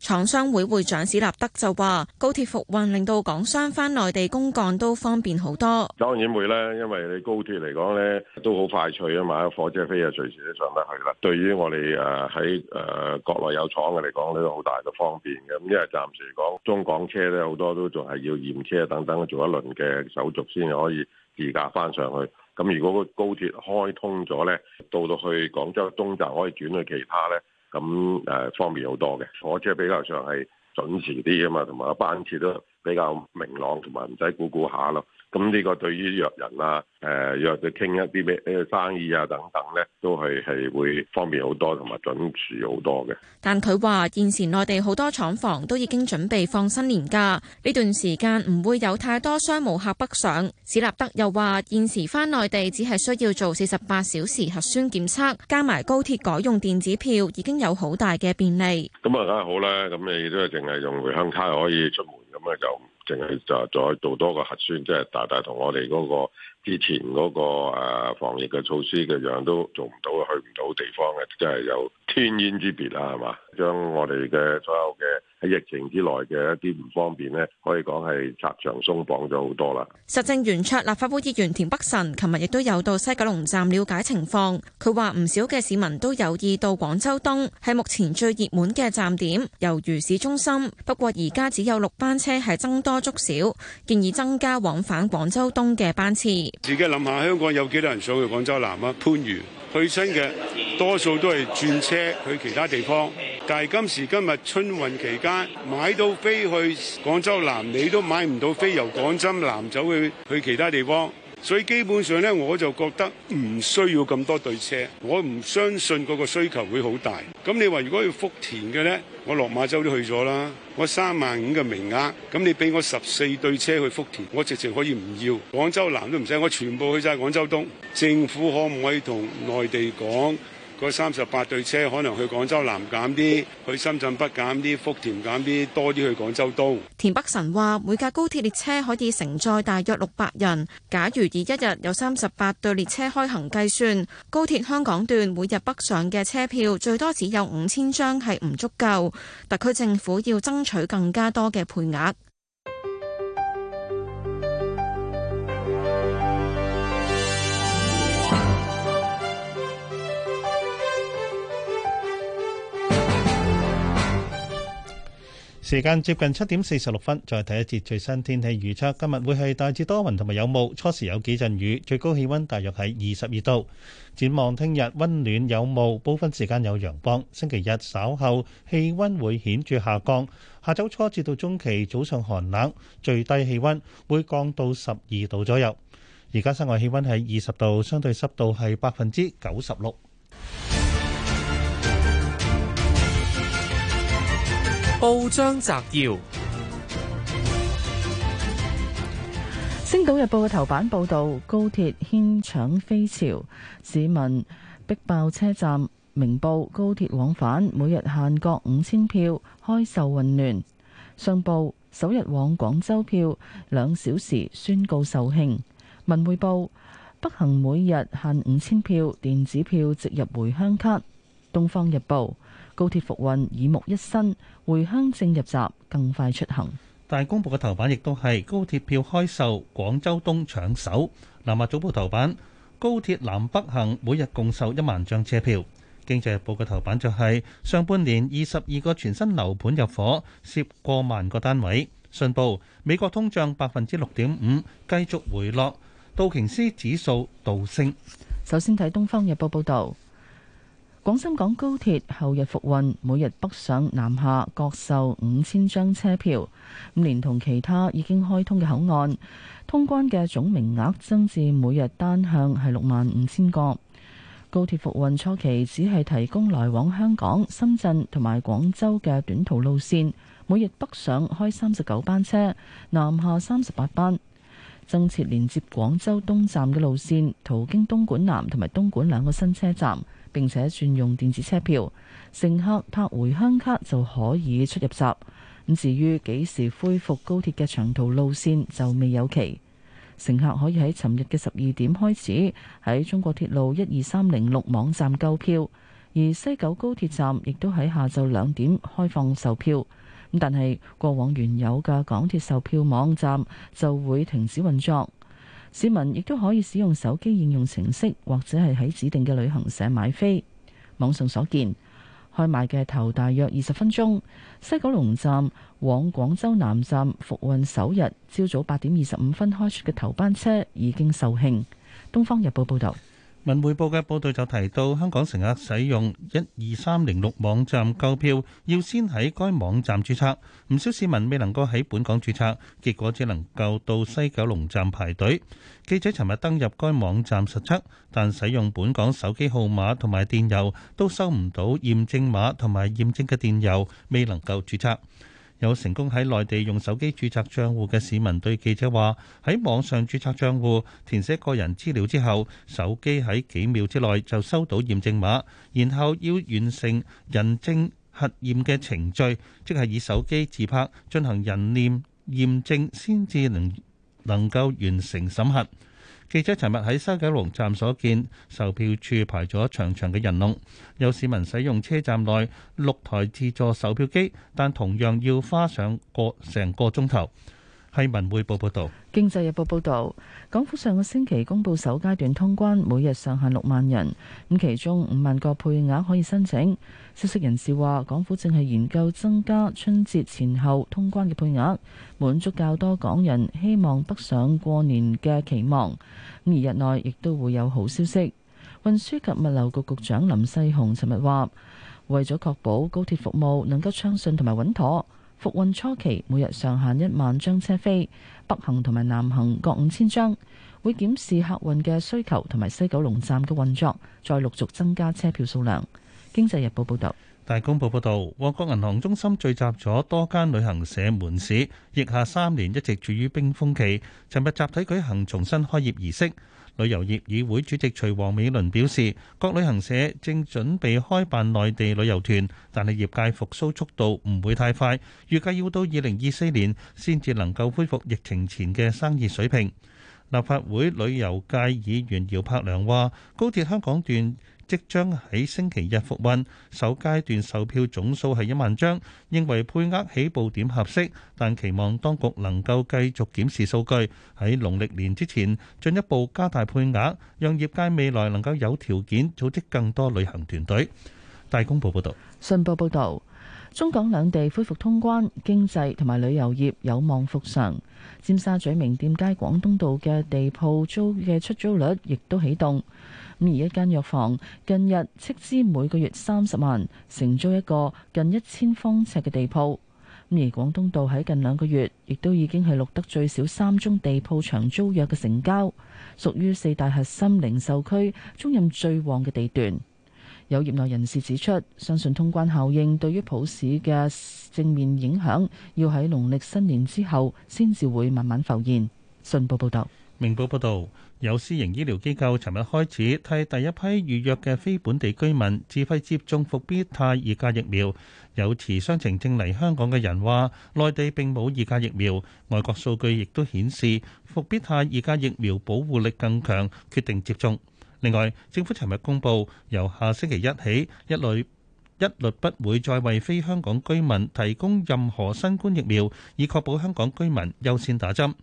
廠商會會長史立德就話：高鐵復運令到港商翻內地公幹都方便好多。當然會啦，因為你高鐵嚟講咧都好快脆啊，買咗火車飛啊，隨時都上得去啦。對於我哋誒喺誒國內有廠嘅嚟講，呢個好大嘅方便嘅。咁因為暫時嚟講，中港車咧好多都仲係要驗車等等做一輪嘅手續先可以自駕翻上去。咁如果個高鐵開通咗咧，到到去廣州東站可以轉去其他咧。咁誒、嗯、方便好多嘅，坐車比較上係準時啲啊嘛，同埋班次都比較明朗，同埋唔使估估下咯。咁呢個對於約人啦，誒，或者傾一啲咩生意啊等等咧，都係係會方便好多同埋準時好多嘅。但佢話，現時內地好多廠房都已經準備放新年假，呢段時間唔會有太多商務客北上。史立德又話，現時翻內地只係需要做四十八小時核酸檢測，加埋高鐵改用電子票，已經有好大嘅便利。咁啊梗係好啦，咁你都係淨係用回鄉卡可以出門，咁啊就。淨係就再做多個核酸，即係大大同我哋嗰個之前嗰個誒防疫嘅措施嘅樣，都做唔到去唔到地方嘅，即係有天淵之別啦，係嘛？將我哋嘅所有嘅。喺疫情之內嘅一啲唔方便呢，可以講係拆牆鬆綁咗好多啦。實政圓桌立法會議員田北辰，琴日亦都有到西九龍站了解情況。佢話唔少嘅市民都有意到廣州東，係目前最熱門嘅站點，猶如市中心。不過而家只有六班車，係增多足少，建議增加往返廣州東嘅班次。自己諗下，香港有幾多人想去廣州南啊？番禺？最新嘅多數都係轉車去其他地方，但係今時今日春運期間，買到飛去廣州南，你都買唔到飛由廣州南走去去其他地方。所以基本上咧，我就覺得唔需要咁多對車，我唔相信嗰個需求會好大。咁你話如果要福田嘅呢？我落馬洲都去咗啦，我三萬五嘅名額，咁你俾我十四對車去福田，我直情可以唔要。廣州南都唔使，我全部去晒廣州東。政府可唔可以同內地講？嗰三十八對車可能去廣州南減啲，去深圳北減啲，福田減啲，多啲去廣州東。田北辰話：每架高鐵列車可以承載大約六百人。假如以一日有三十八對列車開行計算，高鐵香港段每日北上嘅車票最多只有五千張，係唔足夠。特區政府要爭取更加多嘅配額。時間接近七點四十六分，再睇一節最新天氣預測。今日會係大致多雲同埋有霧，初時有幾陣雨，最高氣温大約喺二十二度。展望聽日温暖有霧，部分時間有陽光。星期日稍後氣温會顯著下降，下週初至到中期早上寒冷，最低氣温會降到十二度左右。而家室外氣温係二十度，相對濕度係百分之九十六。報章摘要：《星島日報》嘅頭版報道高鐵牽搶飛潮，市民逼爆車站。《明報》高鐵往返每日限各五千票，開售混亂。《商報》首日往廣州票兩小時宣告售罄。《文匯報》北行每日限五千票，電子票直入回鄉卡。《東方日報》高鐵復運耳目一新，回鄉證入閘，更快出行。大公報嘅頭版亦都係高鐵票開售，廣州東搶手。南華早報頭版，高鐵南北行，每日共售一萬張車票。經濟日報嘅頭版就係、是、上半年二十二個全新樓盤入伙，涉過萬個單位。信報，美國通脹百分之六點五，繼續回落，道瓊斯指數倒升。首先睇東方日報報道。廣深港高鐵後日復運，每日北上南下各售五千張車票。咁，連同其他已經開通嘅口岸通關嘅總名額增至每日單向係六萬五千個。高鐵復運初期只係提供來往香港、深圳同埋廣州嘅短途路線，每日北上開三十九班車，南下三十八班。增設連接廣州東站嘅路線，途經東莞南同埋東莞兩個新車站。並且轉用電子車票，乘客拍回鄉卡就可以出入閘。咁至於幾時恢復高鐵嘅長途路線就未有期。乘客可以喺尋日嘅十二點開始喺中國鐵路一二三零六網站購票，而西九高鐵站亦都喺下晝兩點開放售票。咁但係過往原有嘅港鐵售票網站就會停止運作。市民亦都可以使用手機應用程式，或者係喺指定嘅旅行社買飛。網上所見開賣嘅頭大約二十分鐘，西九龍站往廣州南站復運首日，朝早八點二十五分開出嘅頭班車已經售罄。《東方日報》報導。文匯報嘅報道就提到，香港乘客使用一二三零六網站購票，要先喺該網站註冊。唔少市民未能夠喺本港註冊，結果只能夠到西九龍站排隊。記者尋日登入該網站實測，但使用本港手機號碼同埋電郵都收唔到驗證碼，同埋驗證嘅電郵未能夠註冊。有成功喺內地用手機註冊帳戶嘅市民對記者話：喺網上註冊帳戶，填寫個人資料之後，手機喺幾秒之內就收到驗證碼，然後要完成人證核驗嘅程序，即係以手機自拍進行人臉驗證，先至能能夠完成審核。記者尋日喺西九龍站所見，售票處排咗長長嘅人龍，有市民使用車站內六台自助售票機，但同樣要花上個成個鐘頭。係文匯報報導，《經濟日報》報道：港府上個星期公布首階段通關，每日上限六萬人，咁其中五萬個配額可以申請。消息人士話，港府正係研究增加春節前後通關嘅配額，滿足較多港人希望北上過年嘅期望。而日內亦都會有好消息。運輸及物流局局長林世雄尋日話，為咗確保高鐵服務能夠暢順同埋穩妥，復運初期每日上限一萬張車飛，北行同埋南行各五千張，會檢視客運嘅需求同埋西九龍站嘅運作，再陸續增加車票數量。經濟日報報道，大公報報道，旺角銀行中心聚集咗多間旅行社門市，疫下三年一直處於冰封期。尋日集體舉行重新開業儀式。旅遊業議會主席徐王美倫表示，各旅行社正準備開辦內地旅遊團，但係業界復蘇速度唔會太快，預計要到二零二四年先至能夠恢復疫情前嘅生意水平。立法會旅遊界議員姚柏良話，高鐵香港段即將喺星期日復運，首階段售票總數係一萬張，認為配額起步點合適，但期望當局能夠繼續檢視數據，喺農曆年之前進一步加大配額，讓業界未來能夠有條件組織更多旅行團隊。大公報報導，信報報導，中港兩地恢復通關，經濟同埋旅遊業有望復常。尖沙咀名店街廣東道嘅地鋪租嘅出租率亦都啟動。咁而一間藥房近日斥資每個月三十萬承租一個近一千方尺嘅地鋪。咁而廣東道喺近兩個月亦都已經係錄得最少三宗地鋪長租約嘅成交，屬於四大核心零售區中租賃最旺嘅地段。有業內人士指出，相信通關效應對於普市嘅正面影響要喺農曆新年之後先至會慢慢浮現。信報報道。明報報導。有私營醫療機構尋日開始替第一批預約嘅非本地居民自費接種復必泰二價疫苗。有持雙程證嚟香港嘅人話，內地並冇二價疫苗，外國數據亦都顯示復必泰二價疫苗保護力更強，決定接種。另外，政府尋日公布，由下星期一起，一律一律不會再為非香港居民提供任何新冠疫苗，以確保香港居民優先打針。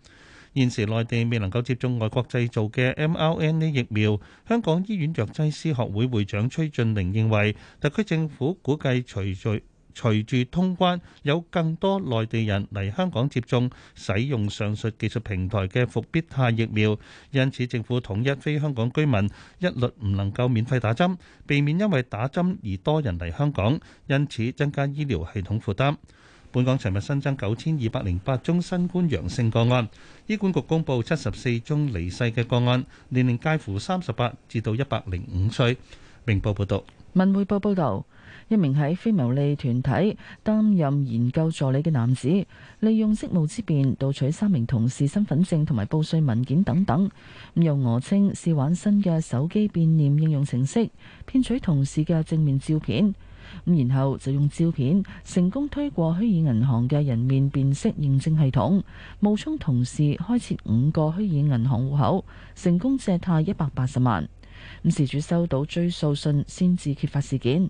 現時內地未能夠接種外國製造嘅 mRNA 疫苗，香港醫院藥劑師學會會長崔俊玲認為，特區政府估計隨住隨住通關，有更多內地人嚟香港接種使用上述技術平台嘅復必泰疫苗，因此政府統一非香港居民一律唔能夠免費打針，避免因為打針而多人嚟香港，因此增加醫療系統負擔。本港尋日新增九千二百零八宗新冠陽性個案，醫管局公布七十四宗離世嘅個案，年齡介乎三十八至到一百零五歲。明報報道，文匯報報道，一名喺非牟利團體擔任研究助理嘅男子，利用職務之便盜取三名同事身份證同埋報稅文件等等，咁又訛稱試玩新嘅手機變臉應用程式，騙取同事嘅正面照片。咁然後就用照片成功推過虛擬銀行嘅人面辨識認證系統，冒充同事開設五個虛擬銀行戶口，成功借貸一百八十萬。咁事主收到追訴信先至揭發事件。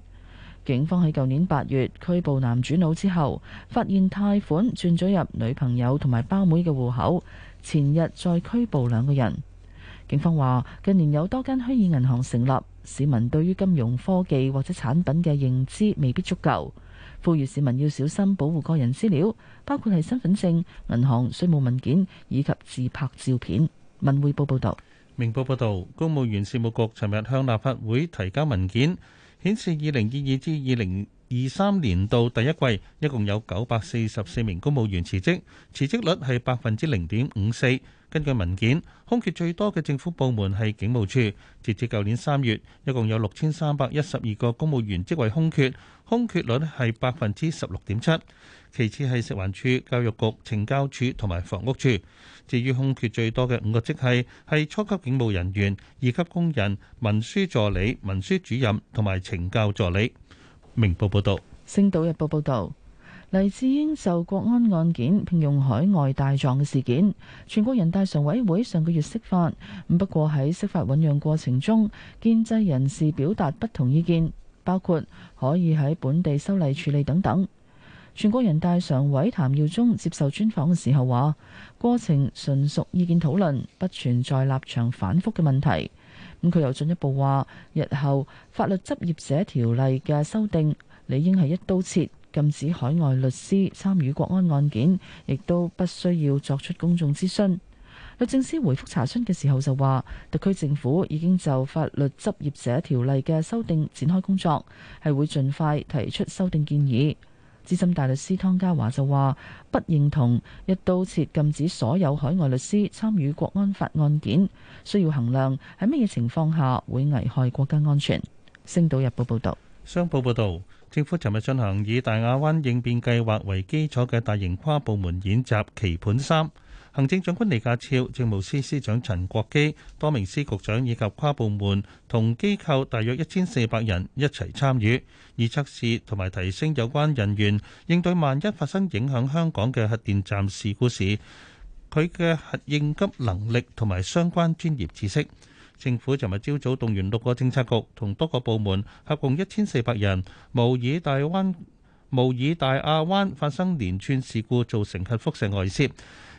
警方喺舊年八月拘捕男主腦之後，發現貸款轉咗入女朋友同埋胞妹嘅戶口。前日再拘捕兩個人。警方話近年有多間虛擬銀行成立。市民對於金融科技或者產品嘅認知未必足夠，呼籲市民要小心保護個人資料，包括係身份證、銀行、稅務文件以及自拍照片。《文匯報》報道：《明報》報道，公務員事務局尋日向立法會提交文件，顯示二零二二至二零……二三年度第一季一共有九百四十四名公務員辭職，辭職率係百分之零點五四。根據文件，空缺最多嘅政府部門係警務處，截至舊年三月，一共有六千三百一十二個公務員職位空缺，空缺率係百分之十六點七。其次係食環署、教育局、懲教處同埋房屋處。至於空缺最多嘅五個職系係初級警務人員、二級工人、文書助理、文書主任同埋懲教助理。明報報道，星島日報報道，黎智英受國安案件聘用海外大狀嘅事件，全國人大常委會上個月釋法，不，不過喺釋法醞釀過程中，建制人士表達不同意見，包括可以喺本地修例處理等等。全國人大常委譚耀宗接受專訪嘅時候話，過程純屬意見討論，不存在立場反覆嘅問題。咁佢又進一步話，日後法律執業者條例嘅修訂，理應係一刀切，禁止海外律師參與國安案件，亦都不需要作出公眾諮詢。律政司回覆查詢嘅時候就話，特區政府已經就法律執業者條例嘅修訂展開工作，係會盡快提出修訂建議。資深大律師湯家華就話，不認同一刀切禁止所有海外律師參與國安法案件，需要衡量喺乜嘢情況下會危害國家安全。星島日報報道，商報報道，政府尋日進行以大亞灣應變計劃為基礎嘅大型跨部門演習，棋盤三。行政長官李家超、政務司司長陳國基、多名司局長以及跨部門同機構，大約一千四百人一齊參與，以測試同埋提升有關人員應對萬一發生影響香港嘅核電站事故時佢嘅核應急能力同埋相關專業知識。政府尋日朝早動員六個政策局同多個部門，合共一千四百人，模擬大灣模擬大亞灣發生連串事故，造成核輻射外泄。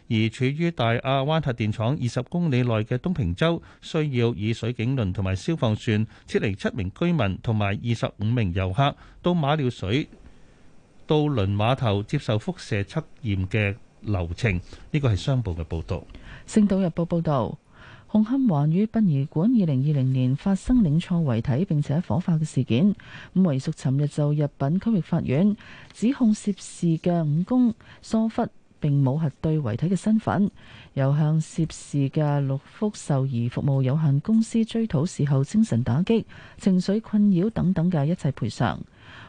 而處於大亞灣核電廠二十公里內嘅東平洲，需要以水警輪同埋消防船撤離七名居民同埋二十五名遊客，到馬料水渡輪碼頭接受輻射測驗嘅流程。呢個係商報嘅報導。《星島日報》報道，紅磡環宇殯儀館二零二零年發生領錯遺體並且火化嘅事件，五位屬尋日就入稟區域法院指控涉事嘅五公疏忽。並冇核對遺體嘅身份，又向涉事嘅六福壽兒服務有限公司追討事後精神打擊、情緒困擾等等嘅一切賠償。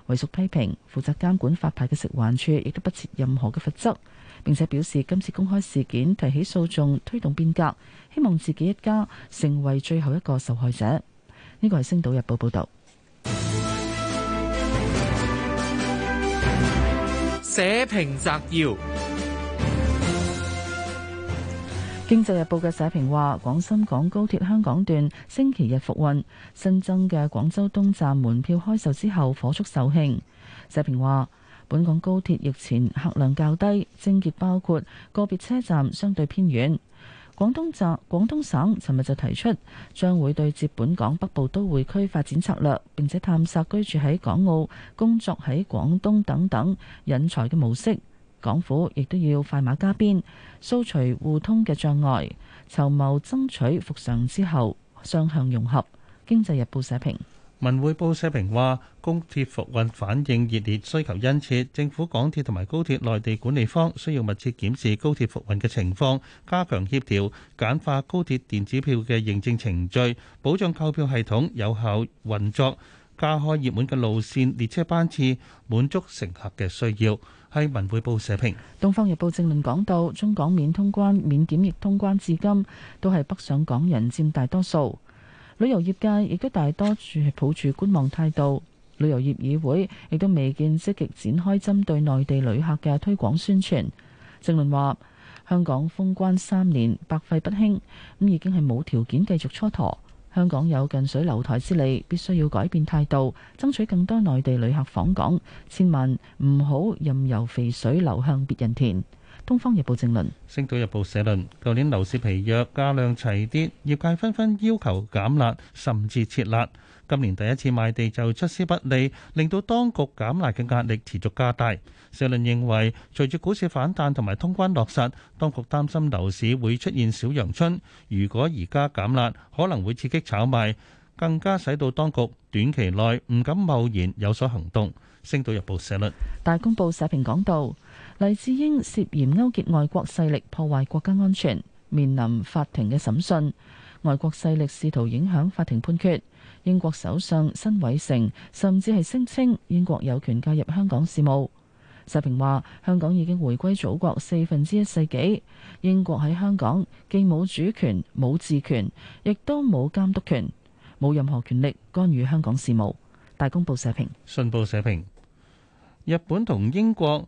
遺屬批評負責監管發牌嘅食環署亦都不設任何嘅罰則，並且表示今次公開事件提起訴訟推動變革，希望自己一家成為最後一個受害者。呢個係《星島日報》報道。社評摘要。經濟日報嘅社評話，廣深港高鐵香港段星期日復運，新增嘅廣州東站門票開售之後火速售罄。社評話，本港高鐵疫前客量較低，症結包括個別車站相對偏遠。廣東站廣東省，尋日就提出將會對接本港北部都會區發展策略，並且探索居住喺港澳、工作喺廣東等等引才嘅模式。港府亦都要快馬加鞭掃除互通嘅障礙，籌謀爭取復常之後雙向融合。經濟日報社評。文匯報社評話，高鐵復運反應熱烈，需求殷切。政府、港鐵同埋高鐵內地管理方需要密切檢視高鐵復運嘅情況，加強協調，簡化高鐵電子票嘅認證程序，保障購票系統有效運作，加開熱門嘅路線列車班次，滿足乘客嘅需要。係《文匯報》社評，《東方日報》正論講到，中港免通關、免檢疫通關至今，都係北上港人佔大多數。旅遊業界亦都大多處係抱住觀望態度，旅遊業議會亦都未見積極展開針對內地旅客嘅推廣宣傳。正論話，香港封關三年，百廢不興，咁已經係冇條件繼續蹉跎。香港有近水樓台之利，必須要改變態度，爭取更多內地旅客訪港，千萬唔好任由肥水流向別人田。《東方日報》正論，《星島日報》社論，舊年樓市疲弱，價量齊跌，業界紛紛要求減辣，甚至撤辣。今年第一次賣地就出師不利，令到當局減辣嘅壓力持續加大。社論認為，隨住股市反彈同埋通關落實，當局擔心樓市會出現小陽春。如果而家減辣，可能會刺激炒賣，更加使到當局短期內唔敢貿然有所行動。星島日報社論。大公報社評講道：黎智英涉嫌勾結外國勢力破壞國家安全，面臨法庭嘅審訊，外國勢力試圖影響法庭判決。英國首相辛偉成甚至係聲稱英國有權介入香港事務。社評話：香港已經回歸祖國四分之一世紀，英國喺香港既冇主權、冇治權，亦都冇監督權，冇任何權力干預香港事務。大公報社評、信報社評，日本同英國。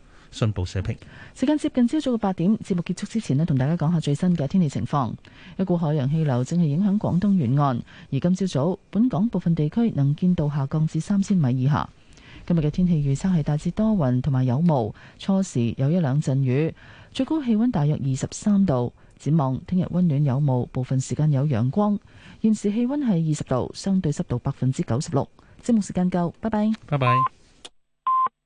信報社評：時間接近朝早嘅八點，節目結束之前咧，同大家講下最新嘅天氣情況。一股海洋氣流正係影響廣東沿岸，而今朝早本港部分地區能見度下降至三千米以下。今日嘅天氣預測係大致多雲同埋有霧，初時有一兩陣雨，最高氣溫大約二十三度。展望聽日溫暖有霧，部分時間有陽光。現時氣溫係二十度，相對濕度百分之九十六。節目時間夠，拜拜，拜拜。